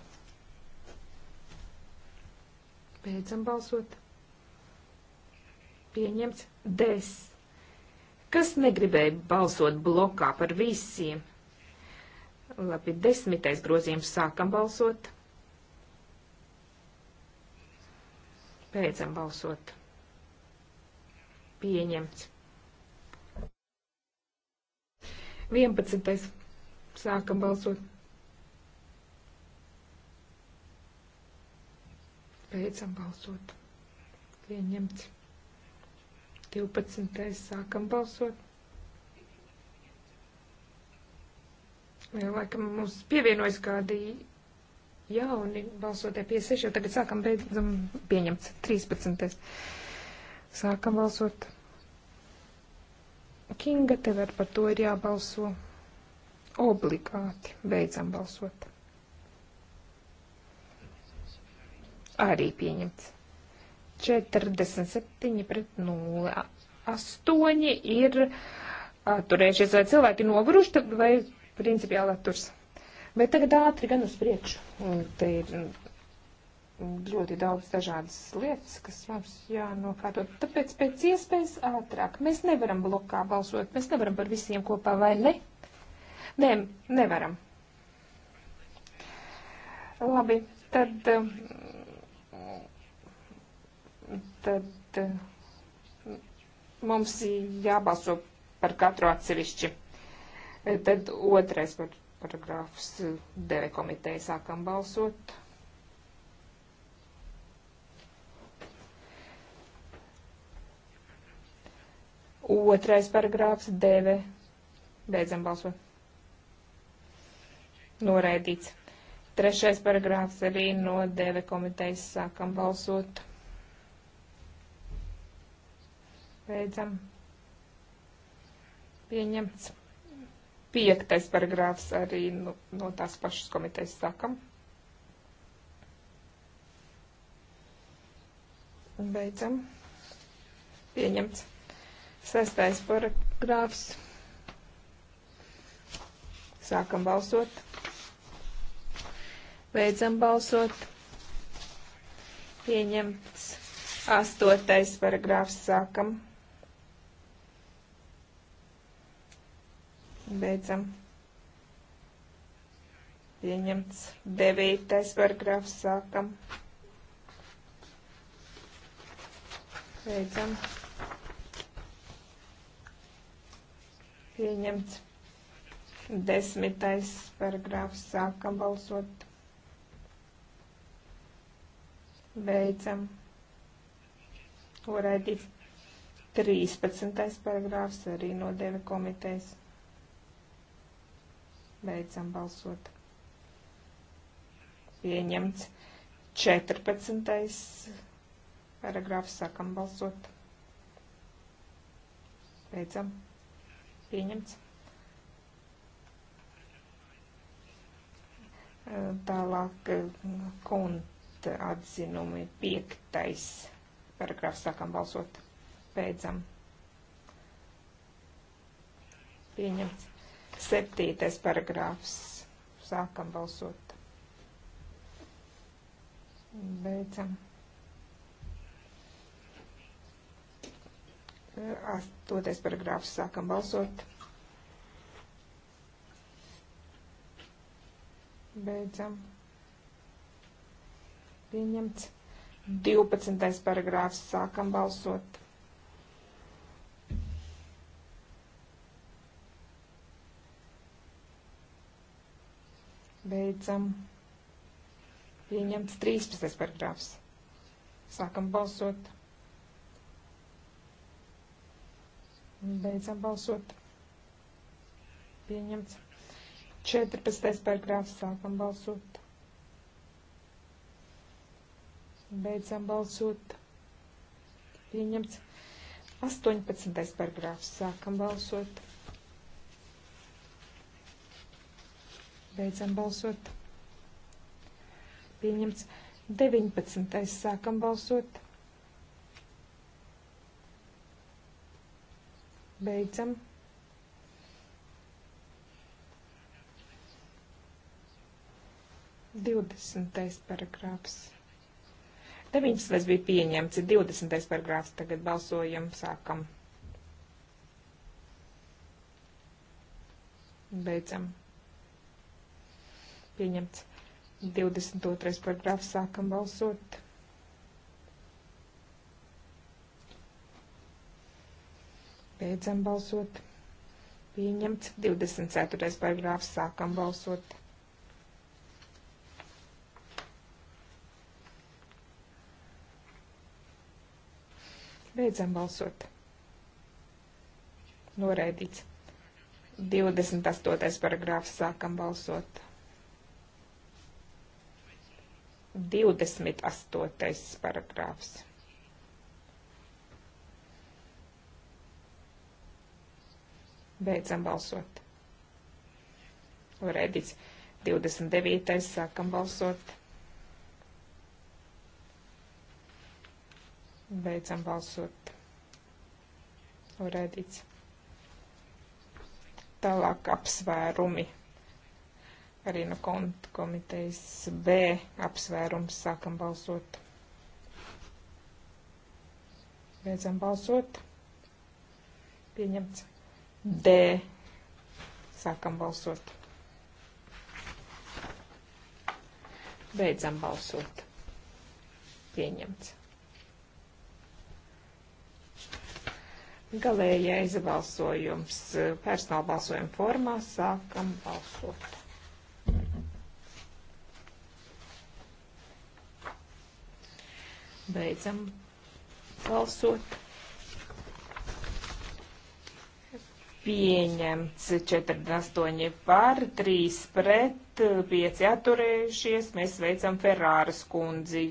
Beidzam balsot. Pieņemts. Des. Kas negribēja balsot blokā par visiem? Labi, desmitais grozījums sākam balsot. Beidzam balsot. Pieņemts. 11. Sākam balsot. Beidzam balsot. Pieņemts. 12. Sākam balsot. Jo laikam mums pievienojas kādi jauni balsotie pie 6, jo tagad sākam beidzam pieņemts. 13. Sākam balsot. Kinga, tev ar par to ir jābalso obligāti. Beidzam balsot. Arī pieņemts. 47 pret 0. 8 ir atturējušies vai cilvēki noguruši vai principiāli atturs. Bet tagad ātri gan uz priekšu. Te ir ļoti daudz dažādas lietas, kas mums jānokārto. Tāpēc pēc iespējas ātrāk. Mēs nevaram blokā balsot, mēs nevaram par visiem kopā, vai ne? Nē, nevaram. Labi, tad. Tad mums jābalso par katru atsevišķi. Tad otrais par paragrāfs deve komiteja sākam balsot. Otrais paragrāfs deve. Beidzam balsot. Noraidīts. Trešais paragrāfs arī no deve komitejas sākam balsot. Beidzam. Pieņemts. Piektais paragrāfs arī no, no tās pašas komitejas sākam. Beidzam. Pieņemts. Sestais paragrāfs. Sākam balsot. Beidzam balsot. Pieņemts. Astotais paragrāfs. Sākam. Beidzam. Pieņemts. Devītais paragrāfs. Sākam. Beidzam. Pieņemts. Desmitais paragrāfs. Sākam balsot. Beidzam. Noraidīts. 13. paragrāfs arī no Dieva komitejas. Beidzam balsot. Pieņemts. 14. paragrāfs. Sākam balsot. Beidzam. Pieņemts. Tālāk konta atzinumi piektais paragrāfs sākam balsot. Beidzam. Pieņemts. Septītais paragrāfs sākam balsot. Beidzam. Astoties paragrāfs sākam balsot. Beidzam. Pieņemts. 12. paragrāfs sākam balsot. Beidzam. Pieņemts 13. paragrāfs. Sākam balsot. Beidzam balsot. Pieņemts. 14. paragrāfs sākam balsot. Beidzam balsot. Pieņemts. 18. paragrāfs sākam balsot. Beidzam balsot. Pieņemts. 19. sākam balsot. Beidzam. Divdesmitais paragrāfs. Deviņdesmitais bija pieņemts, ir divdesmitais paragrāfs, tagad balsojam, sākam. Beidzam. Pieņemts. 22. paragrāfs sākam balsot. Beidzam balsot. Pieņemts 24. paragrāfs. Sākam balsot. Beidzam balsot. Noraidīts. 28. paragrāfs sākam balsot. 28. paragrāfs. Beidzam balsot. Redis 29. sākam balsot. Beidzam balsot. Redis. Tālāk apsvērumi. Arī no konta komitejas B apsvērums sākam balsot. Beidzam balsot. Pieņemts. D. Sākam balsot. Beidzam balsot. Pieņemts. Galējais balsojums personāla balsojuma formā. Sākam balsot. Beidzam balsot. pieņemts 48 par, 3 pret, 5 atturējušies. Mēs veicam Ferāras kundzi.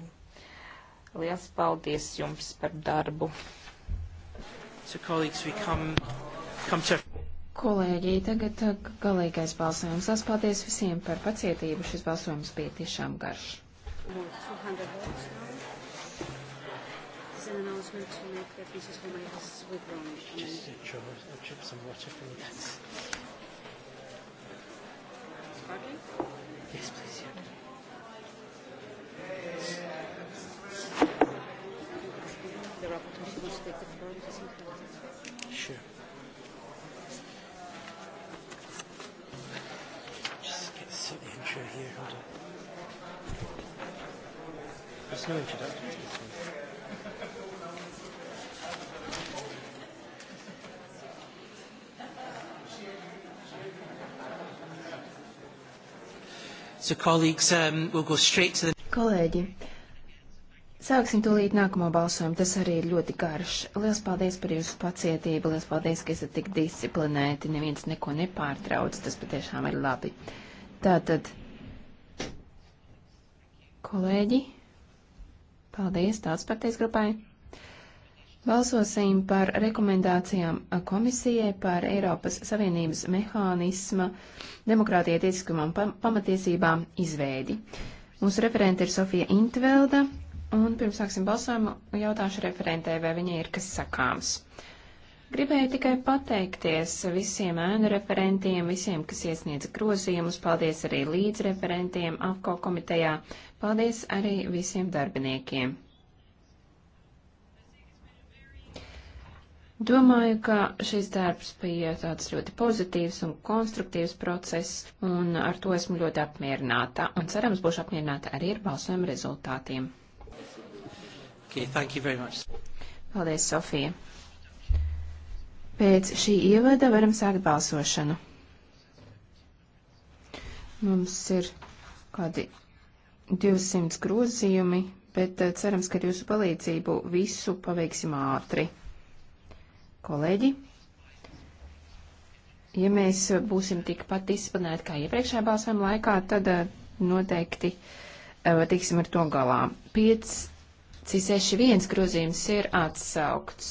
Liels paldies jums par darbu. So, colleagues, we come, come to... Kolēģi, tagad uh, galīgais balsojums. Es paldies visiem par pacietību. Šis balsojums bija tiešām garš. 200 votes announcement to make that Mrs. Homer has withdrawn. Just a jar of chips and water for me. Yes. Sparkling? Yes, please. Yeah. The rapporteur wants to take the floor. It is incredible. Sure. Just get the intro here. Hold on. There's no introduction. So colleagues, um, we'll go straight to the... Kolēģi, sāksim tūlīt nākamo balsojumu. Tas arī ir ļoti garš. Lielas paldies par jūsu pacietību. Lielas paldies, ka esat tik disciplinēti. Neviens neko nepārtrauc. Tas patiešām ir labi. Tātad, kolēģi, paldies tāds partijas grupai. Balsosim par rekomendācijām komisijai par Eiropas Savienības mehānisma demokrātie tiesiskumam pamatiesībām izveidi. Mūsu referente ir Sofija Intvelda, un pirms sāksim balsojumu jautāšu referentē, vai viņai ir kas sakāms. Gribēju tikai pateikties visiem ēnu referentiem, visiem, kas iesniedza grozījumus, paldies arī līdzreferentiem AFCO komitejā, paldies arī visiem darbiniekiem. Domāju, ka šis darbs bija tāds ļoti pozitīvs un konstruktīvs process, un ar to esmu ļoti apmierināta, un cerams būšu apmierināta arī ar balsojumu rezultātiem. Okay, thank you very much. Paldies, Sofija. Pēc šī ievada varam sākt balsošanu. Mums ir kādi 200 grozījumi, bet eh, cerams, ka ar jūsu palīdzību visu paveiksim ātri kolēģi! Ja mēs būsim tikpat disciplinēti kā iepriekšējā balsojuma laikā, tad eh, noteikti eh, tiksim ar to galā. 561 grozījums ir atsaukts.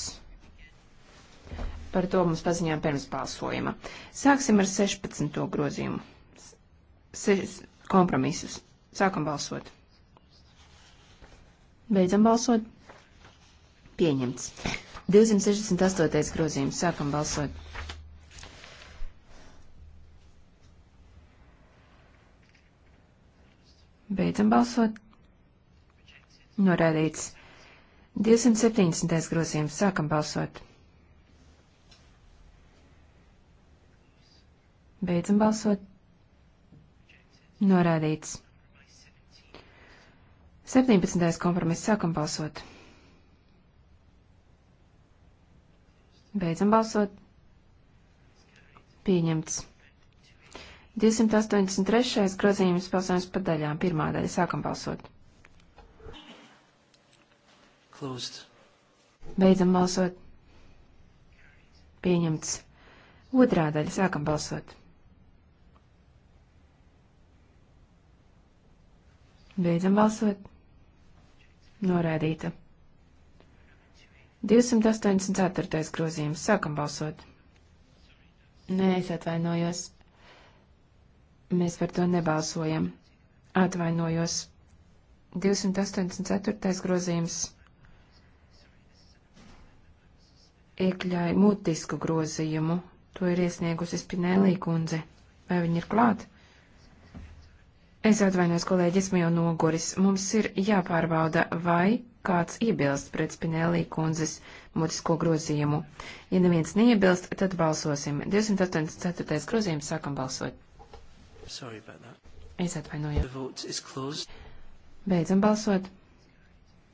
Par to mums paziņām pirms balsojuma. Sāksim ar 16. grozījumu. Se kompromisus. Sākam balsot. Beidzam balsot. Pieņemts. 268. grozījums. Sākam balsot. Beidzam balsot. Norādīts. 270. grozījums. Sākam balsot. Beidzam balsot. Norādīts. 17. kompromiss. Sākam balsot. Beidzam balsot. Pieņemts. 283. grozījums balsojums pa daļām. Pirmā daļa. Sākam balsot. Closed. Beidzam balsot. Pieņemts. Otrā daļa. Sākam balsot. Beidzam balsot. Norādīta. 284. grozījums. Sākam balsot. Nē, es atvainojos. Mēs par to nebalsojam. Atvainojos. 284. grozījums iekļāja mutisku grozījumu. To ir iesniegusi Spinelī kundze. Vai viņi ir klāt? Es atvainojos, kolēģis, man jau noguris. Mums ir jāpārbauda, vai kāds iebilst pret Spinelli kundzes mutisko grozījumu. Ja neviens neiebilst, tad balsosim. 284. grozījums sākam balsot. Es atvainojos. Beidzam balsot.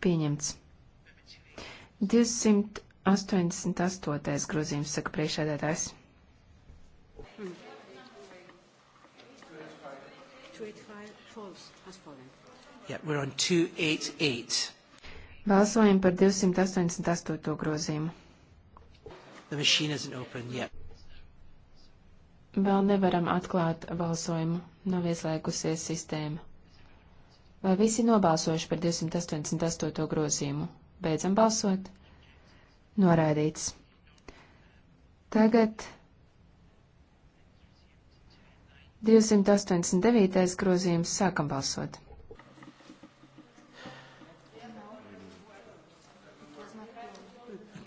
Pieņemts. 288. grozījums saka priekšēdētājs. Hmm. Yeah, we're on 288. Balsojam par 288. grozījumu. Vēl nevaram atklāt balsojumu, nav ieslēgusies sistēma. Vai visi nobalsojuši par 288. grozījumu? Beidzam balsot. Noraidīts. Tagad 289. grozījums sākam balsot.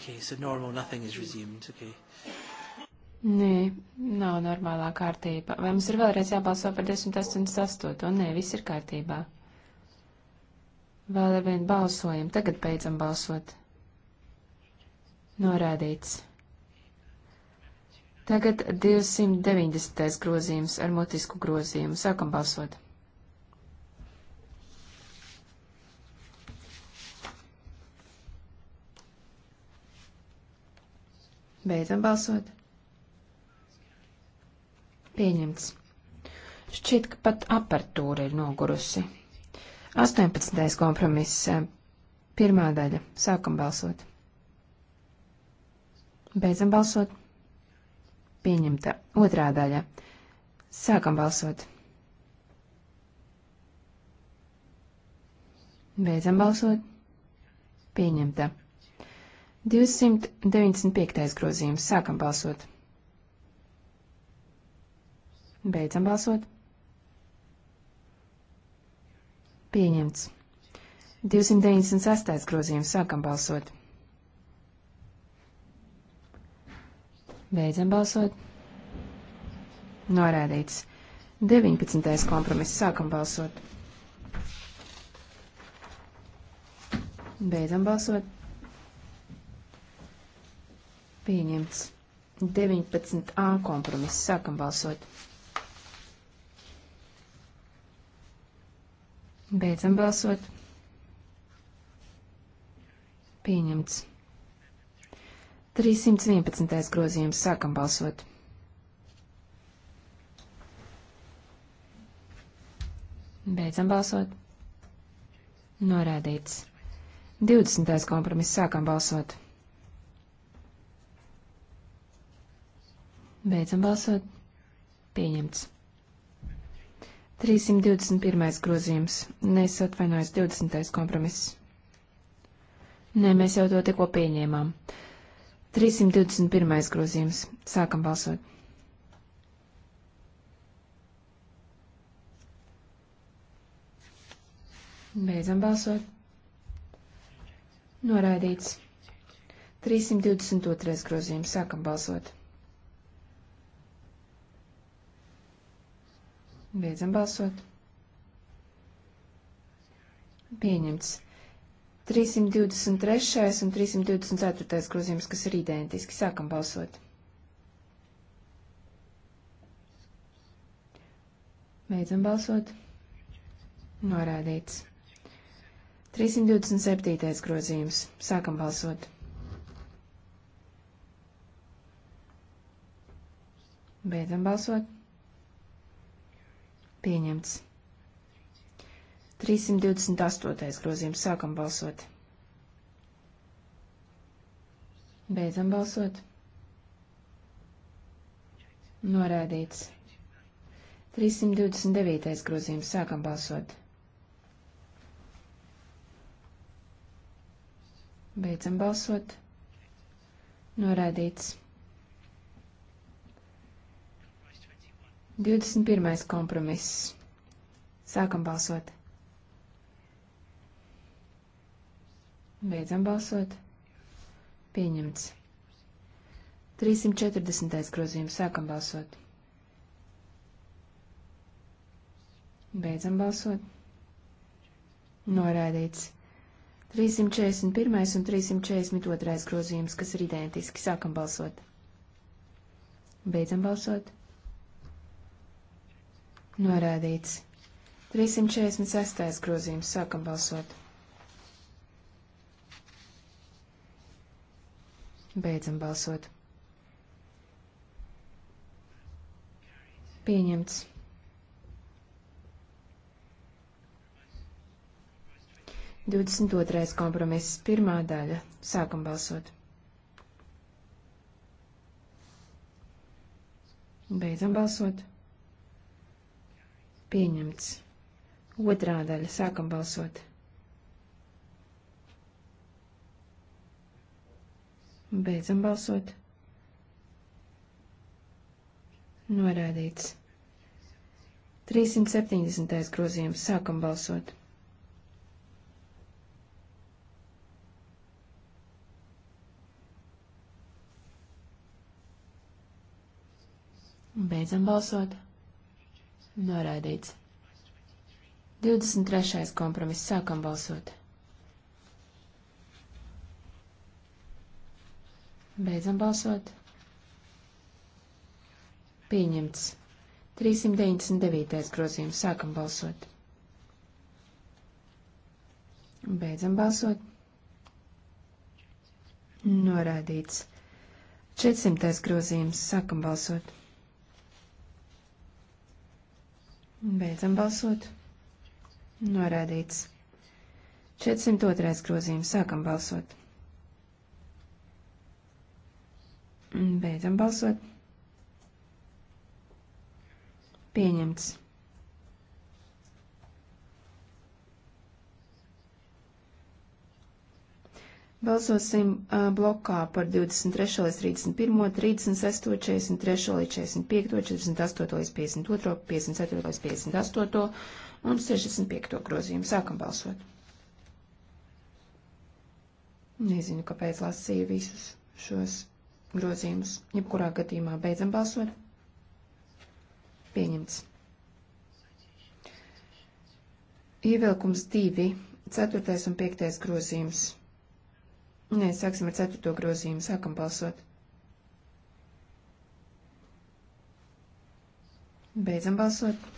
Okay, so normal nothing is resumed, okay. Nē, nav normālā kārtība. Vai mums ir vēlreiz jābalso par 10.88? Nē, viss ir kārtībā. Vēl ar vienu balsojam, tagad beidzam balsot. Norādīts. Tagad 290. grozījums ar motisku grozījumu. Sākam balsot. Beidzam balsot. Pieņemts. Šķiet, ka pat apertūra ir nogurusi. 18. kompromiss. Pirmā daļa. Sākam balsot. Beidzam balsot. Pieņemta. Otrā daļa. Sākam balsot. Beidzam balsot. Pieņemta. 295. grozījums. Sākam balsot. Beidzam balsot. Pieņemts. 296. grozījums. Sākam balsot. Beidzam balsot. Norādīts. 19. kompromiss. Sākam balsot. Beidzam balsot. Pieņemts. 19a kompromiss. Sākam balsot. Beidzam balsot. Pieņemts. 311. grozījums. Sākam balsot. Beidzam balsot. Norādīts. 20. kompromiss. Sākam balsot. Beidzam balsot. Pieņemts. 321. grozījums. Nes atvainojas 20. kompromiss. Nē, mēs jau to tikko pieņēmām. 321. grozījums. Sākam balsot. Beidzam balsot. Noraidīts. 322. grozījums. Sākam balsot. Beidzam balsot. Pieņemts. 323. un 324. grozījums, kas ir identiski. Sākam balsot. Beidzam balsot. Norādīts. 327. grozījums. Sākam balsot. Beidzam balsot. Pieņemts. 328. grozījums. Sākam balsot. Beidzam balsot. Norādīts. 329. grozījums. Sākam balsot. Beidzam balsot. Norādīts. 21. kompromiss. Sākam balsot. Beidzam balsot. Pieņemts. 340. grozījums. Sākam balsot. Beidzam balsot. Noraidīts. 341. un 342. grozījums, kas ir identiski. Sākam balsot. Beidzam balsot. Norādīts. 346. grozījums. Sākam balsot. Beidzam balsot. Pieņemts. Divdesmit otrais kompromiss, pirmā daļa. Sākam balsot. Beidzam balsot. Pieņemts. Otrā daļa. Sākam balsot. Beidzam balsot. Norādīts. 370. grozījums. Sākam balsot. Beidzam balsot. Noraidīts. 23. kompromiss. Sākam balsot. Beidzam balsot. Pieņemts. 399. grozījums. Sākam balsot. Beidzam balsot. Norādīts. 400. grozījums. Sākam balsot. Beidzam balsot. Norādīts. 402. grozījums. Sākam balsot. Beidzam balsot. Pieņemts. Balsosim blokā par 23. līdz 31., 36., 43. līdz 45., 48. līdz 52., 54. līdz 58. un 65. grozījumu. Sākam balsot. Nezinu, kāpēc lasīju visus šos grozījumus. Jebkurā gadījumā beidzam balsot. Pieņemts. Ievilkums 2, 4. un 5. grozījums. Nē, sāksim ar ceturto grozījumu. Sākam balsot. Beidzam balsot.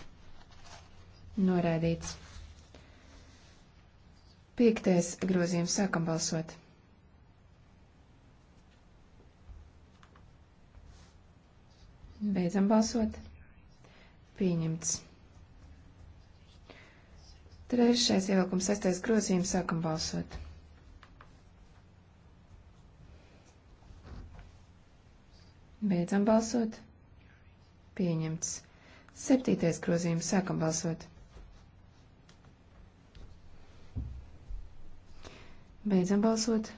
Norēdīts. Piektais grozījums. Sākam balsot. Beidzam balsot. Pieņemts. Trešais ievilkums, sestais grozījums. Sākam balsot. Beidzam balsot. Pieņemts. Septītais grozījums. Sākam balsot. Beidzam balsot.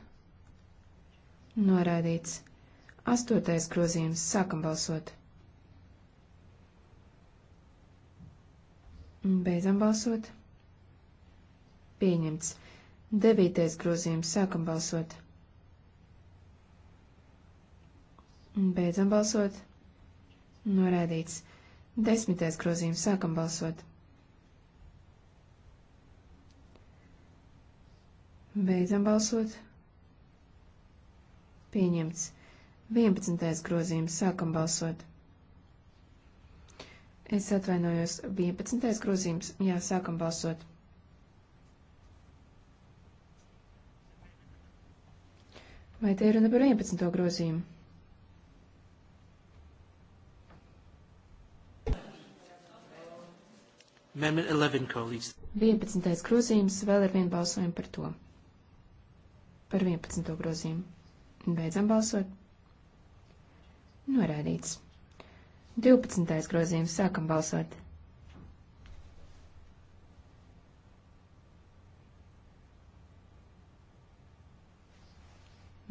Noraidīts. Astotais grozījums. Sākam balsot. Beidzam balsot. Pieņemts. Devītais grozījums. Sākam balsot. Beidzam balsot. Norādīts. Desmitais grozījums. Sākam balsot. Beidzam balsot. Pieņemts. 11. grozījums. Sākam balsot. Es atvainojos. 11. grozījums. Jā, sākam balsot. Vai te ir runa par 11. grozījumu? Amendment 11, colleagues. 11. grozījums, vēl ir viena balsojuma par to. Par 11. grozījumu. Beidzam balsot. Norādīts. 12. grozījums, sākam balsot.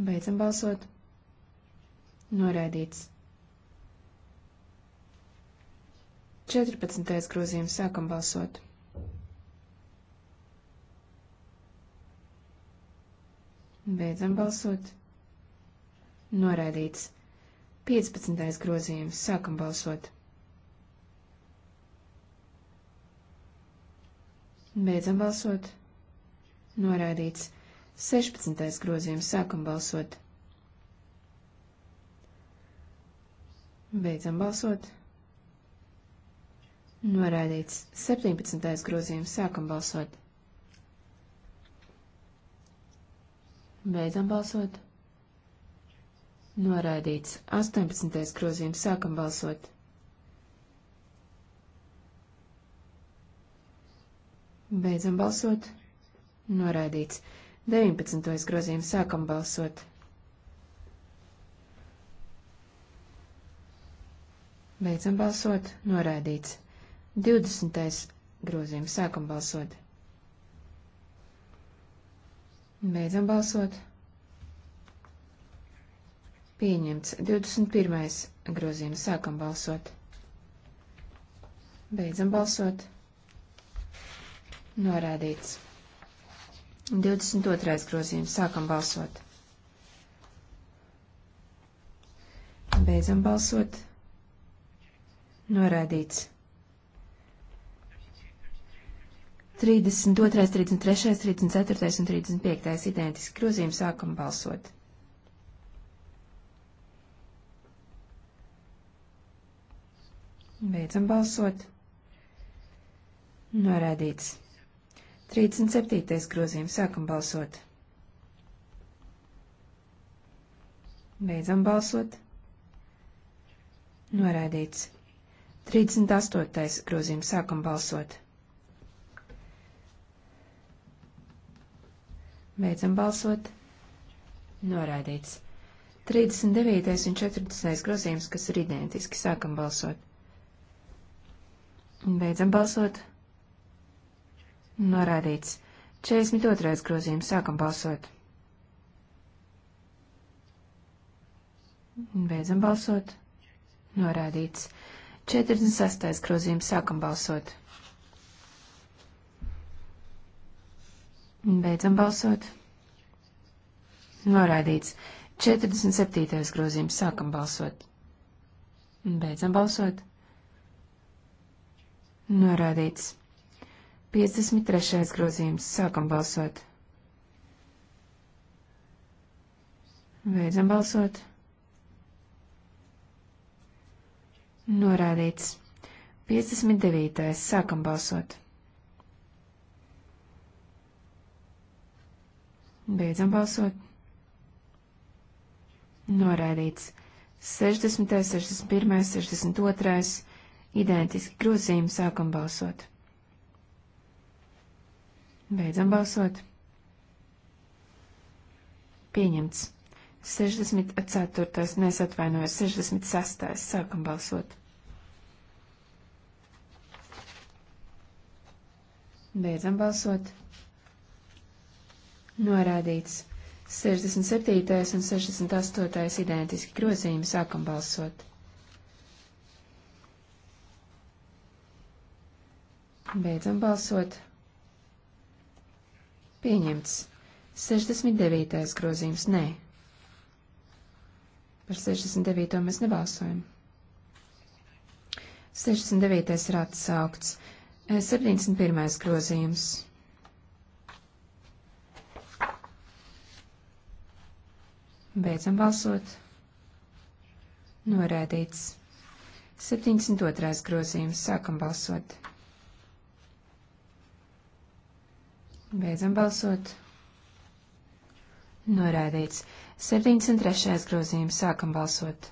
Beidzam balsot. Noraidīts. 14. grozījums. Sākam balsot. Beidzam balsot. Noraidīts. 15. grozījums. Sākam balsot. Beidzam balsot. Noraidīts. 16. grozījums. Sākam balsot. Beidzam balsot. Norādīts 17. grozījums. Sākam balsot. Beidzam balsot. Norādīts 18. grozījums. Sākam balsot. Beidzam balsot. Norādīts 19. grozījums. Sākam balsot. Beidzam balsot. Norādīts 20. grozījums. Sākam balsot. Beidzam balsot. Pieņemts. 21. grozījums. Sākam balsot. Beidzam balsot. Norādīts. 22. grozījums. Sākam balsot. Beidzam balsot. Norādīts. 32, 33, 34 un 35 identiski grozījumi sākam balsot. Beidzam balsot. Norādīts. 37. grozījums sākam balsot. Beidzam balsot. Norādīts. 38. grozījums sākam balsot. Beidzam balsot. Noraidīts. 39. un 40. grozījums, kas ir identiski. Sākam balsot. Beidzam balsot. Noraidīts. 42. grozījums. Sākam balsot. Beidzam balsot. Norādīts. 46. grozījums sākam balsot. Beidzam balsot. Noraidīts. 47. grozījums. Sākam balsot. Beidzam balsot. Noraidīts. 53. grozījums. Sākam balsot. Beidzam balsot. Noraidīts. 59. Sākam balsot. Beidzam balsot. Noraidīts. 60, 61, 62. Identiski grozījumi sākam balsot. Beidzam balsot. Pieņemts. 64. nesatvainojas, 66. sākam balsot. Beidzam balsot. Norādīts. 67. un 68. identiski grozījumi sākam balsot. Beidzam balsot. Pieņemts. 69. grozījums nē. Par 69. mēs nebalsojam. 69. ir atsaukts. 71. Eh, grozījums. Beidzam balsot. Norēdīts. 72. grozījums. Sākam balsot. Beidzam balsot. Norēdīts. 73. grozījums. Sākam balsot.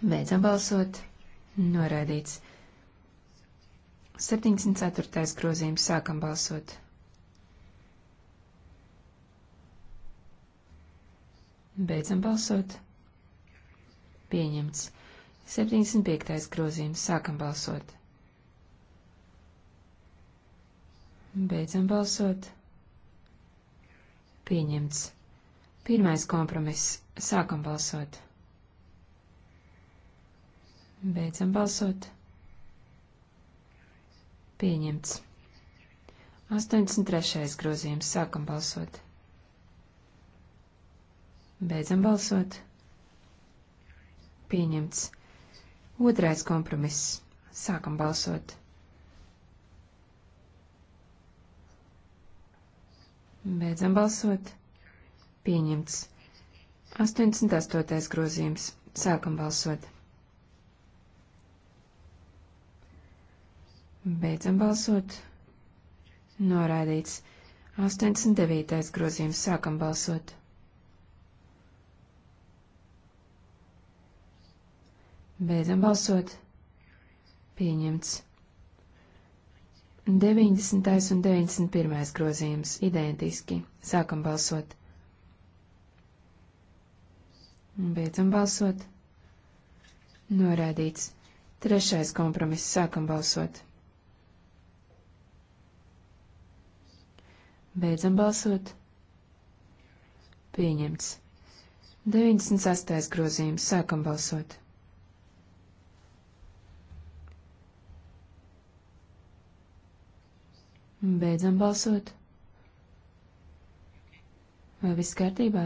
Beidzam balsot. Norēdīts. 74. grozījums. Sākam balsot. Beidzam balsot. Pieņemts. 75. grozījums. Sākam balsot. Beidzam balsot. Pieņemts. Pirmais kompromiss. Sākam balsot. Beidzam balsot. Pieņemts. 83. grozījums. Sākam balsot. Beidzam balsot. Pieņemts. Otrais kompromiss. Sākam balsot. Beidzam balsot. Pieņemts. 88. grozījums. Sākam balsot. Beidzam balsot. Noraidīts. 89. grozījums. Sākam balsot. Beidzam balsot. Pieņemts. 90. un 91. grozījums identiski. Sākam balsot. Beidzam balsot. Norādīts. Trešais kompromiss. Sākam balsot. Beidzam balsot. Pieņemts. 98. grozījums. Sākam balsot. Beidzam balsot. Vai viss kārtībā?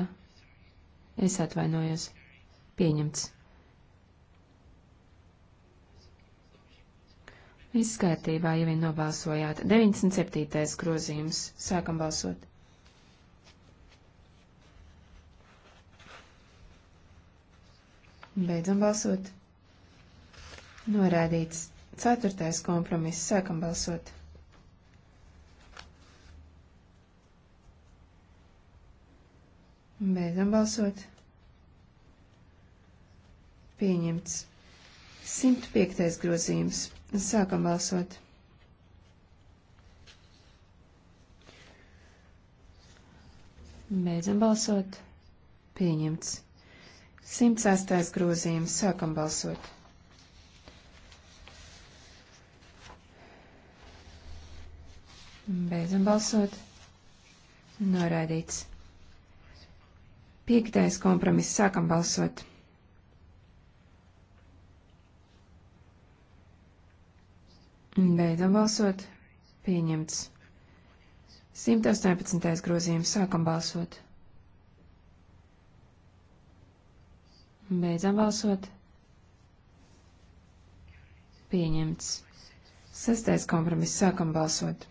Es atvainojos. Pieņemts. Viss kārtībā, ja vien nobalsojāt. 97. grozījums. Sākam balsot. Beidzam balsot. Norādīts. Ceturtais kompromiss. Sākam balsot. Beidzam balsot. Pieņemts. 105. grozījums. Sākam balsot. Beidzam balsot. Pieņemts. 106. grozījums. Sākam balsot. Beidzam balsot. Noraidīts. Piektais kompromiss. Sākam balsot. Beidzam balsot. Pieņemts. 118. grozījums. Sākam balsot. Beidzam balsot. Pieņemts. Sestais kompromiss. Sākam balsot.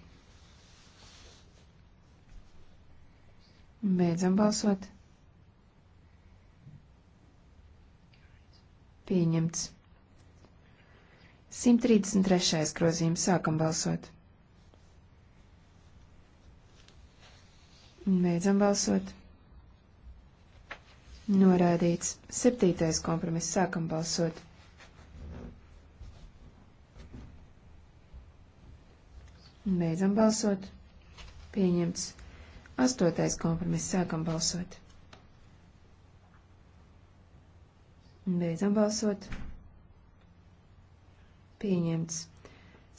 Beidzam balsot. Pieņemts. 133. grozījums. Sākam balsot. Beidzam balsot. Norādīts. Septītais kompromiss. Sākam balsot. Beidzam balsot. Pieņemts. Astotais kompromiss. Sākam balsot. Beidzam balsot. Pieņemts.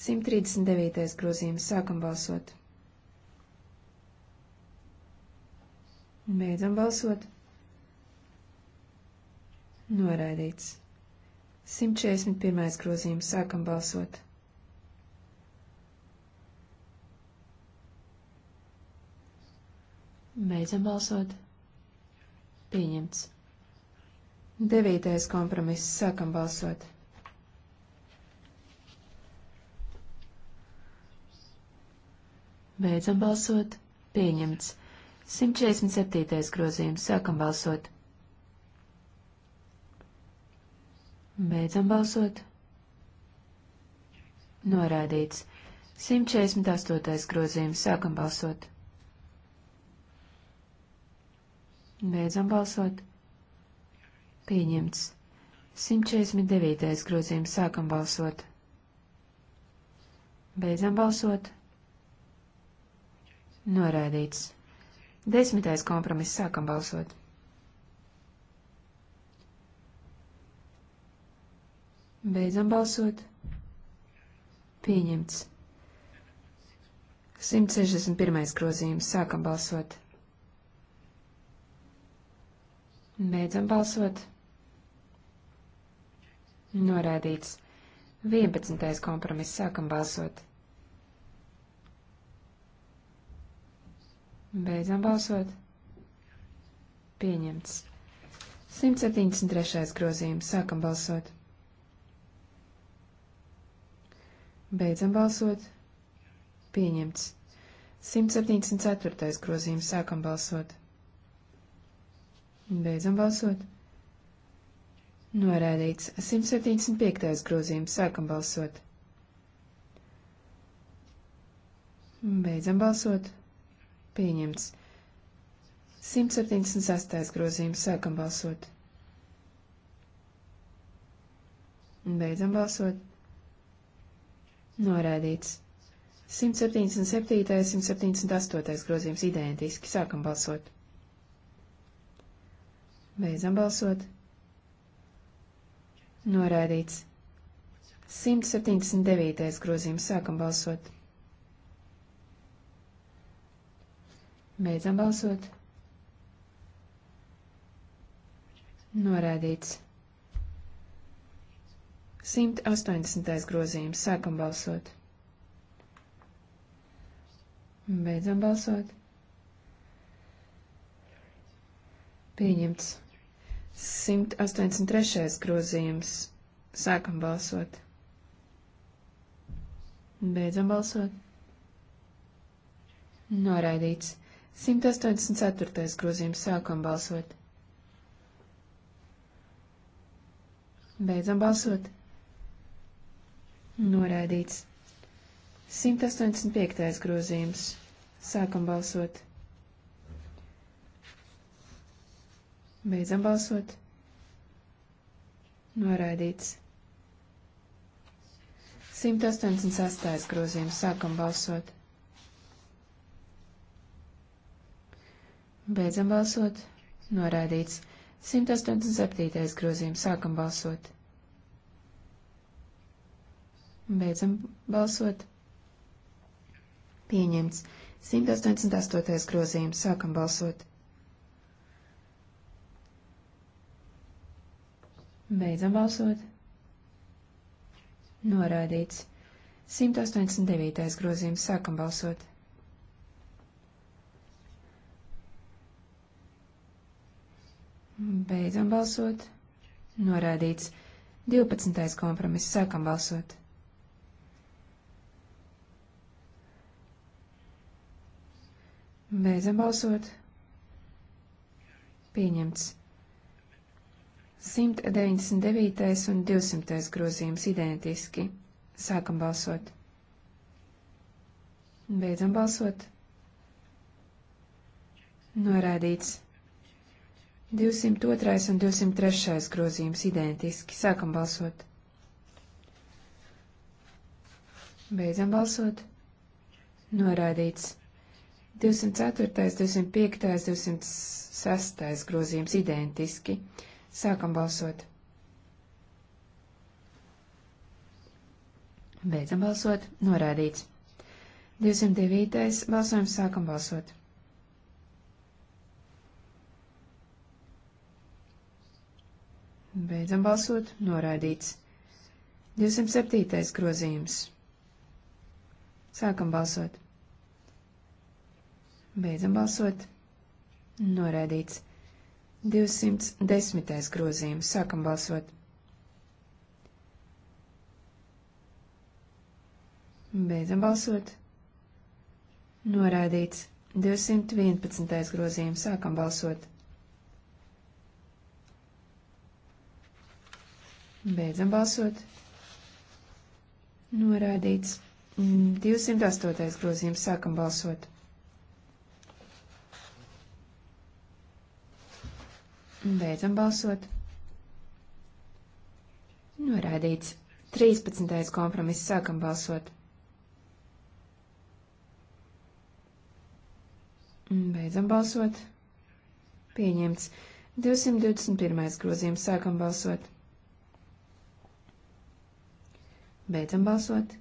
139. grozījums. Sākam balsot. Beidzam balsot. Noraidīts. 141. grozījums. Sākam balsot. Beidzam balsot. Pieņemts. Devītais kompromiss. Sākam balsot. Beidzam balsot. Pieņemts. 147. grozījums. Sākam balsot. Beidzam balsot. Norādīts. 148. grozījums. Sākam balsot. Beidzam balsot. Pieņemts. 149. grozījums sākam balsot. Beidzam balsot. Noraidīts. Desmitais kompromiss sākam balsot. Beidzam balsot. Pieņemts. 161. grozījums sākam balsot. Beidzam balsot. Norādīts. 11. kompromiss sākam balsot. Beidzam balsot. Pieņemts. 173. grozījums sākam balsot. Beidzam balsot. Pieņemts. 174. grozījums sākam balsot. Beidzam balsot. Norādīts 175. grozījums. Sākam balsot. Beidzam balsot. Pieņemts. 178. grozījums. Sākam balsot. Beidzam balsot. Norādīts. 177. 178. grozījums identiski. Sākam balsot. Beidzam balsot. Noraidīts. 179. grozījums sākam balsot. Beidzam balsot. Noraidīts. 180. grozījums sākam balsot. Beidzam balsot. Pieņemts. 183. grozījums. Sākam balsot. Beidzam balsot. Noraidīts. 184. grozījums. Sākam balsot. Beidzam balsot. Noraidīts. 185. grozījums. Sākam balsot. Beidzam balsot. Noraidīts. 186. grozījums. Sākam balsot. Beidzam balsot. Noraidīts. 187. grozījums. Sākam balsot. Beidzam balsot. Pieņemts. 188. grozījums. Sākam balsot. Beidzam balsot. Noraidīts. 189. grozījums. Sākam balsot. Beidzam balsot. Noraidīts. 12. kompromiss. Sākam balsot. Beidzam balsot. Pieņemts. 199. un 200. grozījums identiski. Sākam balsot. Beidzam balsot. Norādīts. 202. un 203. grozījums identiski. Sākam balsot. Beidzam balsot. Norādīts. 204., 205., 206. grozījums identiski. Sākam balsot. Beidzam balsot. Norādīts. 209. balsojums. Sākam balsot. Beidzam balsot. Norādīts. 207. grozījums. Sākam balsot. Beidzam balsot. Norādīts. 210. grozījums. Sākam balsot. Beidzam balsot. Norādīts. 211. grozījums. Sākam balsot. Beidzam balsot. Norādīts. 208. grozījums. Sākam balsot. Beidzam balsot. Noraidīts. 13. kompromiss. Sākam balsot. Beidzam balsot. Pieņemts. 221. grozījums. Sākam balsot. Beidzam balsot.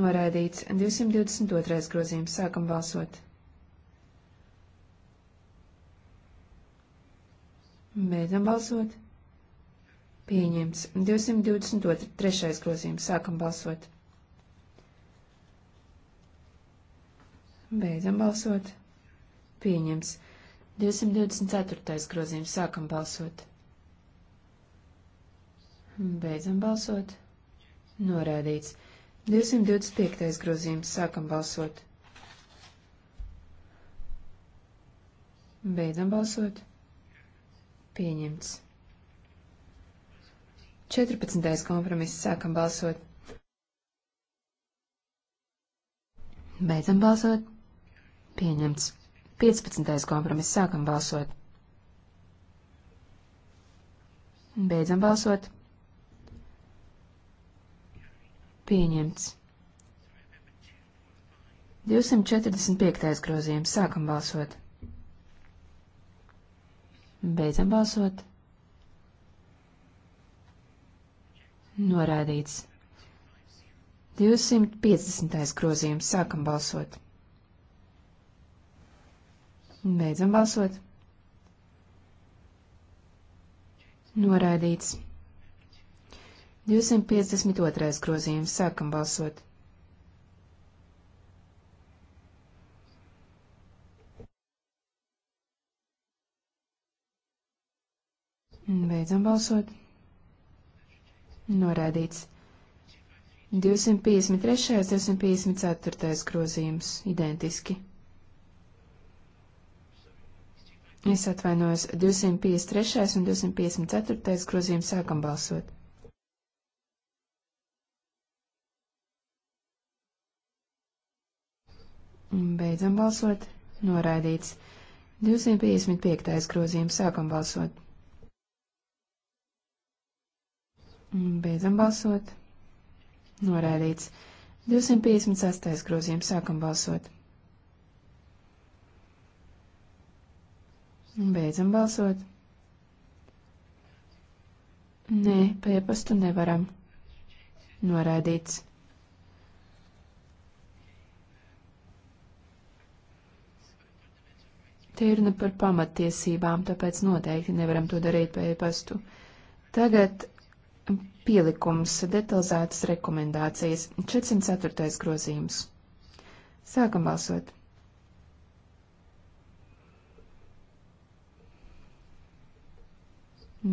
Noraidīts. 222. grozījums. Sākam balsot. Beidzam balsot. Pieņemts. 222. Trešais grozījums. Sākam balsot. Beidzam balsot. Pieņems. 224. grozījums. Sākam balsot. Beidzam balsot. Norādīts. 225. grozījums. Sākam balsot. Beidzam balsot. Pieņemts. 14. kompromiss. Sākam balsot. Beidzam balsot. Pieņemts. 15. kompromiss. Sākam balsot. Beidzam balsot. Pieņemts. 245. grozījums. Sākam balsot. Beidzam balsot. Norādīts. 250. grozījums. Sākam balsot. Beidzam balsot. Noraidīts. 252. grozījums. Sākam balsot. Beidzam balsot. Norādīts. 253. 254. grozījums identiski. Es atvainojos 253. un 254. grozījums sākam balsot. Beidzam balsot. Noraidīts. 255. grozījums sākam balsot. Beidzam balsot. Norādīts. 258. grozījums sākam balsot. Beidzam balsot. Nē, piepastu nevaram. Norādīts. Te ir ne par pamattiesībām, tāpēc noteikti nevaram to darīt pēpastu. Tagad Pielikums - detalizētas rekomendācijas - 404. grozījums. Sākam balsot!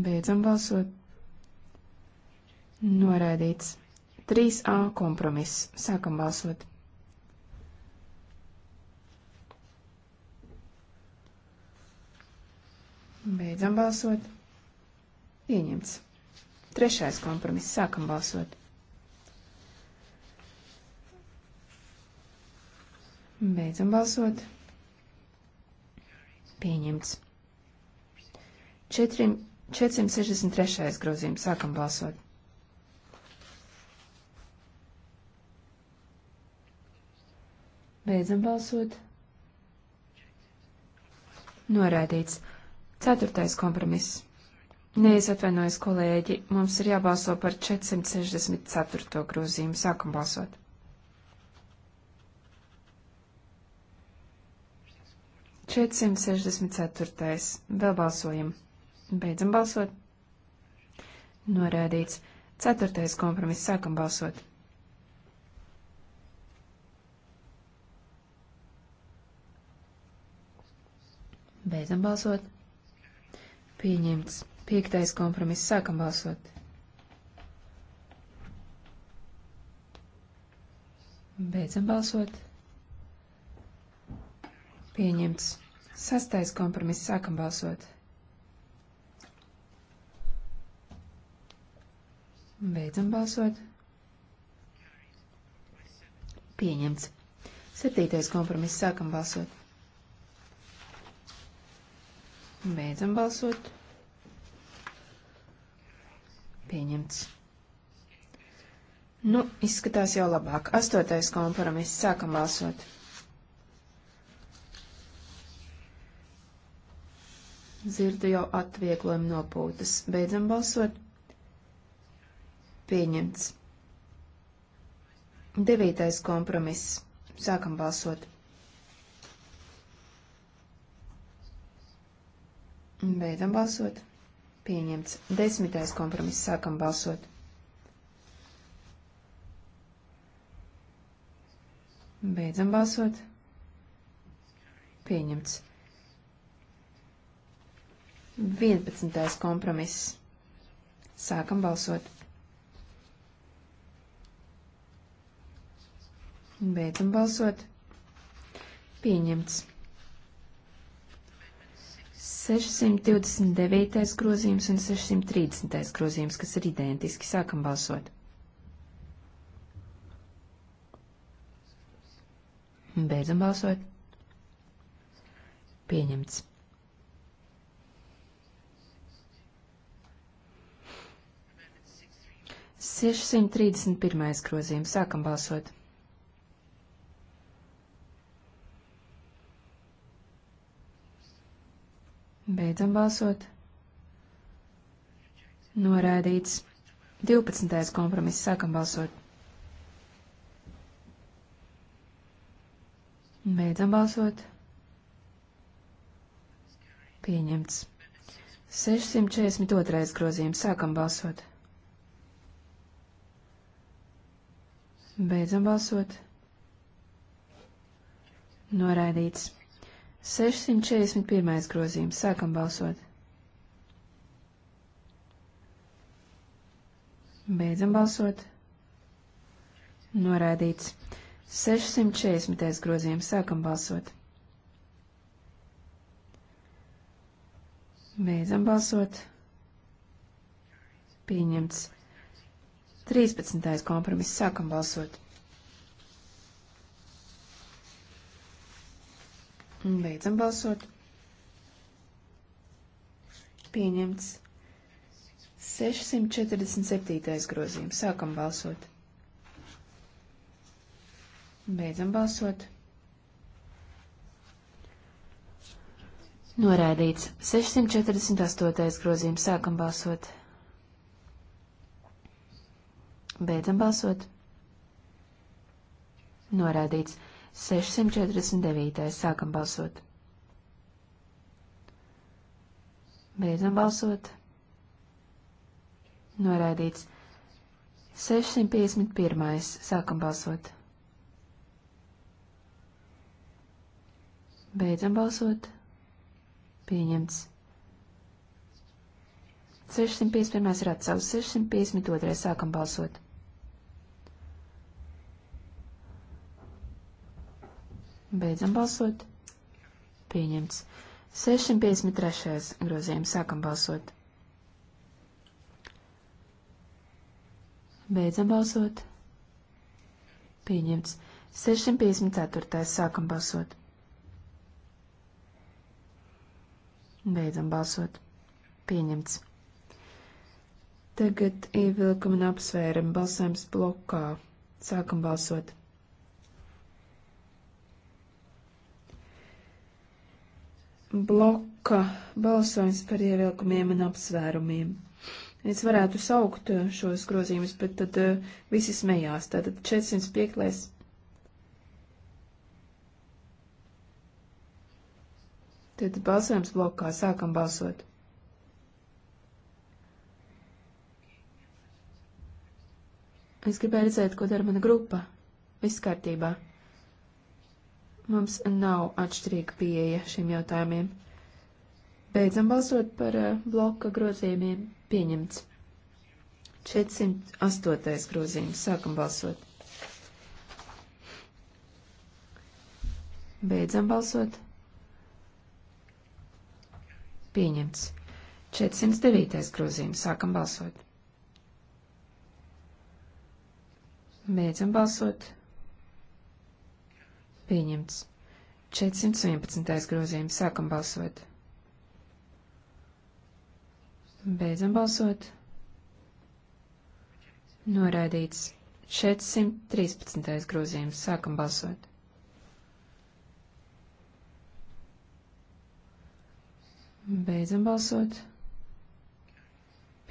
Beidzam balsot. Noraidīts. 3A kompromiss. Sākam balsot. Beidzam balsot. Pieņemts. Trešais kompromiss. Sākam balsot. Beidzam balsot. Pieņemts. 4, 463. grozījums. Sākam balsot. Beidzam balsot. Noraidīts. Ceturtais kompromiss. Nē, es atvainojos, kolēģi, mums ir jābalso par 464. grozījumu. Sākam balsot. Četrsimt sešdesmit ceturtais. Vēl balsojam. Beidzam balsot. Norādīts. Ceturtais kompromiss. Sākam balsot. Beidzam balsot. Pieņemts. Piektais kompromiss. Sākam balsot. Beidzam balsot. Pieņemts. Sastais kompromiss. Sākam balsot. Beidzam balsot. Pieņemts. Septītais kompromiss. Sākam balsot. Beidzam balsot. Pieņemts. Nu, izskatās jau labāk. Astotais kompromiss. Sākam balsot. Dzirdu jau atvieglojumu nopūtas. Beidzam balsot. Pieņemts. Devītais kompromiss. Sākam balsot. Beidzam balsot. Pieņemts. Desmitais kompromiss. Sākam balsot. Beidzam balsot. Pieņemts. 11. kompromiss. Sākam balsot. Beidzam balsot. Pieņemts. 629. grozījums un 630. grozījums, kas ir identiski. Sākam balsot. Beidzam balsot. Pieņemts. Sešsimt trīsdesmit pirmais grozījums. Sākam balsot. Beidzam balsot. Norādīts. 12. kompromiss. Sākam balsot. Beidzam balsot. Pieņemts. 642. grozījums. Sākam balsot. Beidzam balsot. Noraidīts. 641. grozījums. Sākam balsot. Beidzam balsot. Noraidīts. 640. grozījums. Sākam balsot. Beidzam balsot. Pieņemts. 13. kompromiss. Sākam balsot. Beidzam balsot. Pieņemts. 647. grozījums. Sākam balsot. Beidzam balsot. Noraidīts. 648. grozījums. Sākam balsot. Beidzam balsot. Noraidīts. 649. Sākam balsot. Beidzam balsot. Noraidīts. 651. Sākam balsot. Beidzam balsot. Pieņemts. 651 ir atsaucis, 652 sākam balsot. Beidzam balsot. Pieņemts. 653. grozījums. Sākam balsot. Beidzam balsot. Pieņemts. 654. Sākam balsot. Beidzam balsot. Pieņemts. Tagad ievilkumi un apsvērumi balsojums blokā. Sākam balsot. bloka balsojums par ievilkumiem un apsvērumiem. Es varētu saukt šos grozījumus, bet tad eh, visi smējās. Tātad 405. Tad balsojums blokā. Sākam balsot. Es gribēju redzēt, ko dara mana grupa. Viss kārtībā. Mums nav atšķirīga pieeja šiem jautājumiem. Beidzam balsot par eh, bloka grozījumiem. Pieņemts. 408. grozījums. Sākam balsot. Beidzam balsot. Pieņemts. 409. grozījums. Sākam balsot. Beidzam balsot. Pieņemts. 411. grozījums. Sākam balsot. Beidzam balsot. Noraidīts. 413. grozījums. Sākam balsot. Beidzam balsot.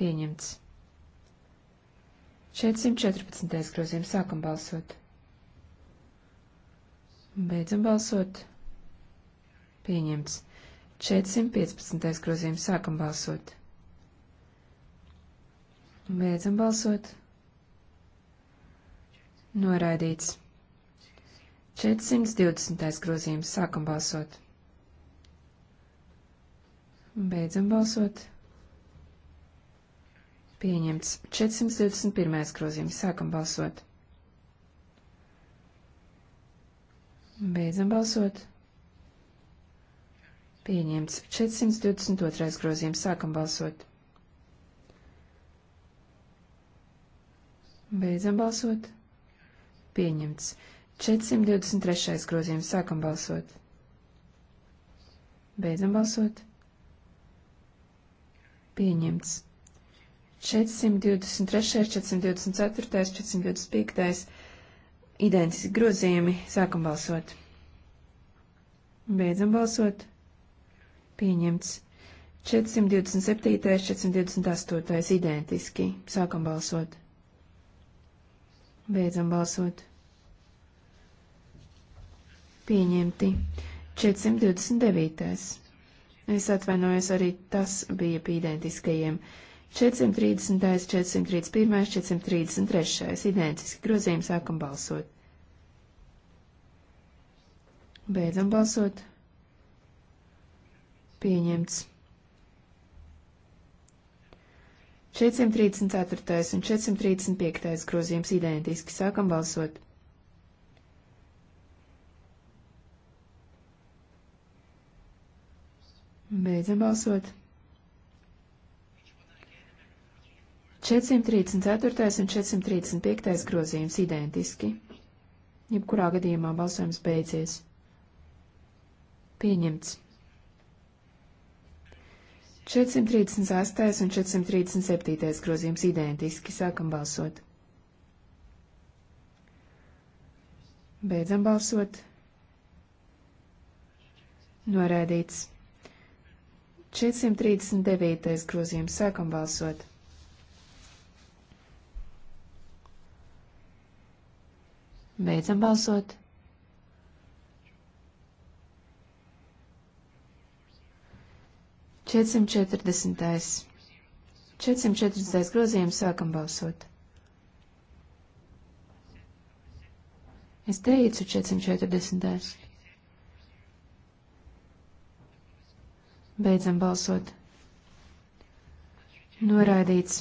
Pieņemts. 414. grozījums. Sākam balsot. Beidzam balsot. Pieņemts. 415. grozījums sākam balsot. Beidzam balsot. Noraidīts. 420. grozījums sākam balsot. Beidzam balsot. Pieņemts. 421. grozījums sākam balsot. Beidzam balsot. Pieņemts 422. grozījums. Sākam balsot. Beidzam balsot. Pieņemts 423. grozījums. Sākam balsot. Beidzam balsot. Pieņemts 423., 424., 425 identiski grozījumi. Sākam balsot. Beidzam balsot. Pieņemts. 427, 428 identiski. Sākam balsot. Beidzam balsot. Pieņemti. 429. Es atvainojos, arī tas bija pie identiskajiem. 429. 430, 431, 433, identiski grozījumi, sākam balsot. Beidzam balsot. Pieņemts. 434. un 435. grozījums identiski, sākam balsot. Beidzam balsot. 434. un 435. grozījums identiski. Jebkurā gadījumā balsojums beidzies. Pieņemts. 438. un 437. grozījums identiski. Sākam balsot. Beidzam balsot. Norēdīts. 439. grozījums. Sākam balsot. Beidzam balsot. Četsimt četrdesmitais. Četsimt četrdesmitais grozījums sākam balsot. Es teicu 440. Beidzam balsot. Noraidīts.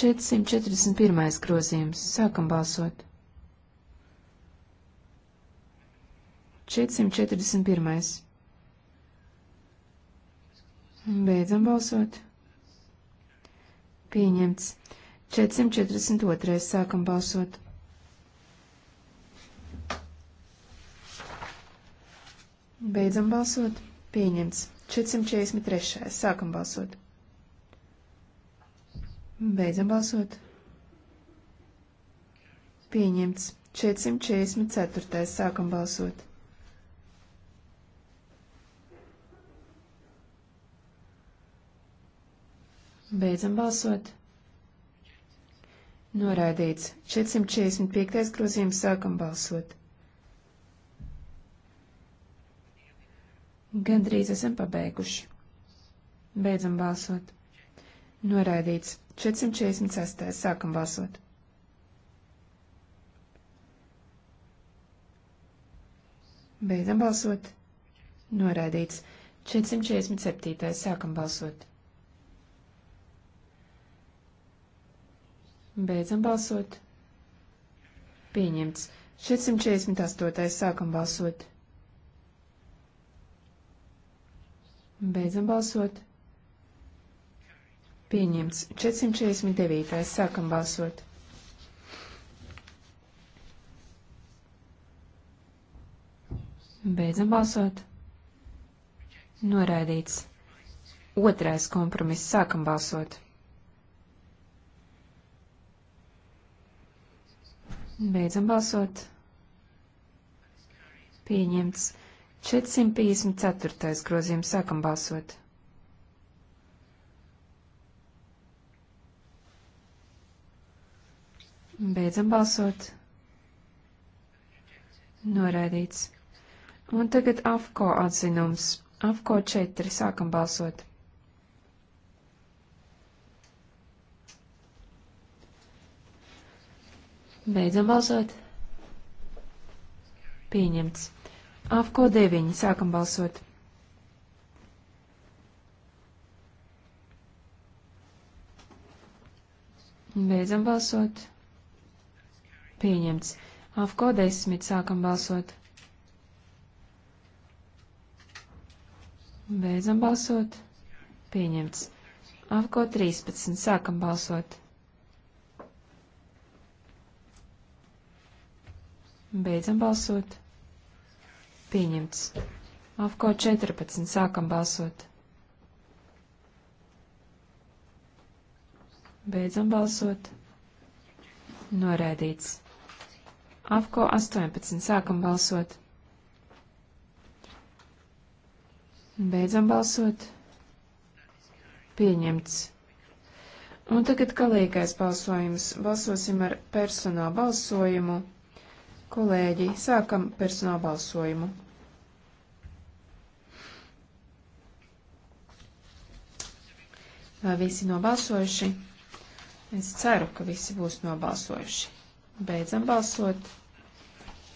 441. grozījums. Sākam balsot. 441. Beidzam balsot. Pieņemts. 442. Sākam balsot. Beidzam balsot. Pieņemts. 443. Sākam balsot. Beidzam balsot. Pieņemts. 444. Sākam balsot. Beidzam balsot. Noraidīts. 445. grozījums sākam balsot. Gandrīz esam pabeiguši. Beidzam balsot. Noraidīts. 446. Sākam balsot. Beidzam balsot. Noraidīts. 447. Sākam balsot. Beidzam balsot. Pieņemts. 448. Sākam balsot. Beidzam balsot. Pieņemts. 449. Sākam balsot. Beidzam balsot. Noraidīts. Otrais kompromiss. Sākam balsot. Beidzam balsot. Pieņemts. 454. grozījums. Sākam balsot. Beidzam balsot. Noraidīts. Un tagad AFCO atzinums. AFCO 4. Sākam balsot. Beidzam balsot. Pieņemts. AFCO 9. Sākam balsot. Beidzam balsot pieņemts. AFCO 10 sākam balsot. Beidzam balsot. Pieņemts. AFCO 13 sākam balsot. Beidzam balsot. Pieņemts. AFCO 14 sākam balsot. Beidzam balsot. Noraidīts. AFCO 18. Sākam balsot. Beidzam balsot. Pieņemts. Un tagad galīgais balsojums. Balsosim ar personālu balsojumu. Kolēģi, sākam personālu balsojumu. Vai visi nobalsojuši? Es ceru, ka visi būs nobalsojuši. Beidzam balsot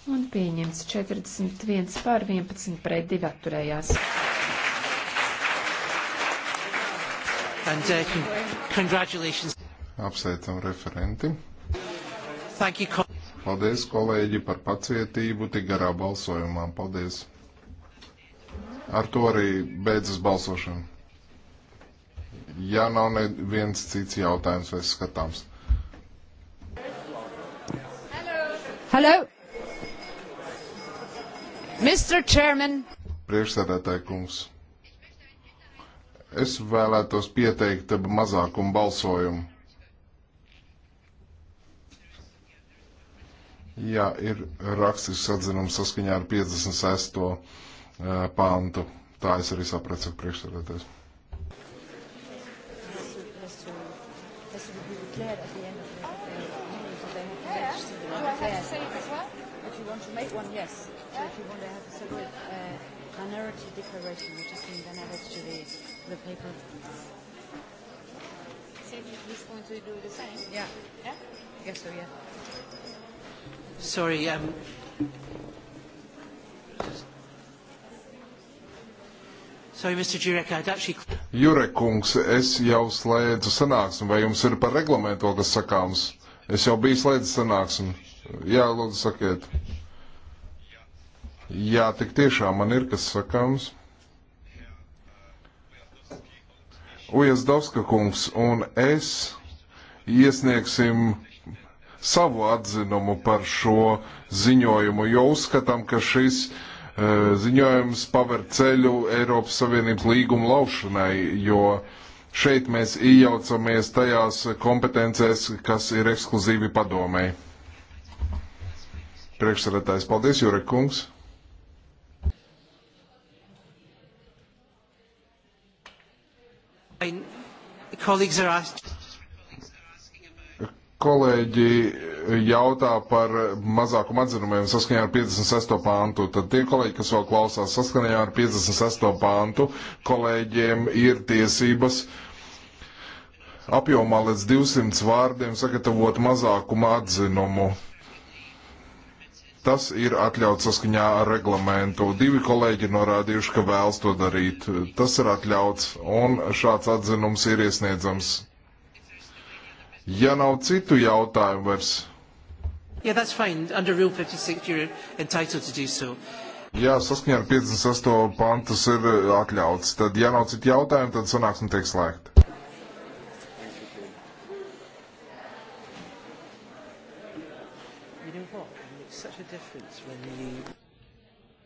un pieņemts 41 pār 11 pret 2 atturējās. And, uh, Apsveicam referenti. Thank you, kol Paldies, kolēģi, par pacietību tik garā balsojumā. Paldies. Ar to arī beidzas balsošana. Ja nav neviens cits jautājums vai skatāms. Hello. Hello. Mr. Chairman. Priekšsēdētāji kungs. Es vēlētos pieteikt mazākumu balsojumu. Jā, ir rakstisks atzinums saskaņā ar 56. Eh, pāntu. Tā es arī sapratu, saka priekšsēdētājs. minority declaration, which is being then added to the, to the paper. So he's going to do the same? Yeah. Yeah? I guess so, yeah. Sorry, um, Sorry, Mr. Jurek, I'd actually... Jurek kungs, es jau slēdzu sanāksmi, vai jums ir par reglamentu, kas sakāms? Es jau biju slēdzis sanāksmi. Jā, lūdzu, sakiet. Jā, tik tiešām man ir kas sakāms. Ujazdovska kungs un es iesniegsim savu atzinumu par šo ziņojumu, jo uzskatām, ka šis uh, ziņojums paver ceļu Eiropas Savienības līguma laušanai, jo šeit mēs iejaucamies tajās kompetencēs, kas ir ekskluzīvi padomēji. Priekšsarētājs, paldies, Jurek kungs! Kolēģi jautā par mazākumu atzinumiem saskaņā ar 56. pāntu. Tad tie kolēģi, kas vēl klausās saskaņā ar 56. pāntu, kolēģiem ir tiesības apjomā līdz 200 vārdiem sagatavot mazākuma atzinumu. Tas ir atļauts saskaņā ar reglamentu. Divi kolēģi norādījuši, ka vēlas to darīt. Tas ir atļauts, un šāds atzinums ir iesniedzams. Ja nav citu jautājumu vairs. Yeah, that's fine. Under Rule 56, you're entitled to do so. Jā, saskaņā ar 58. pantus ir atļauts. Tad, ja nav citu jautājumu, tad sanāksim tiek slēgta.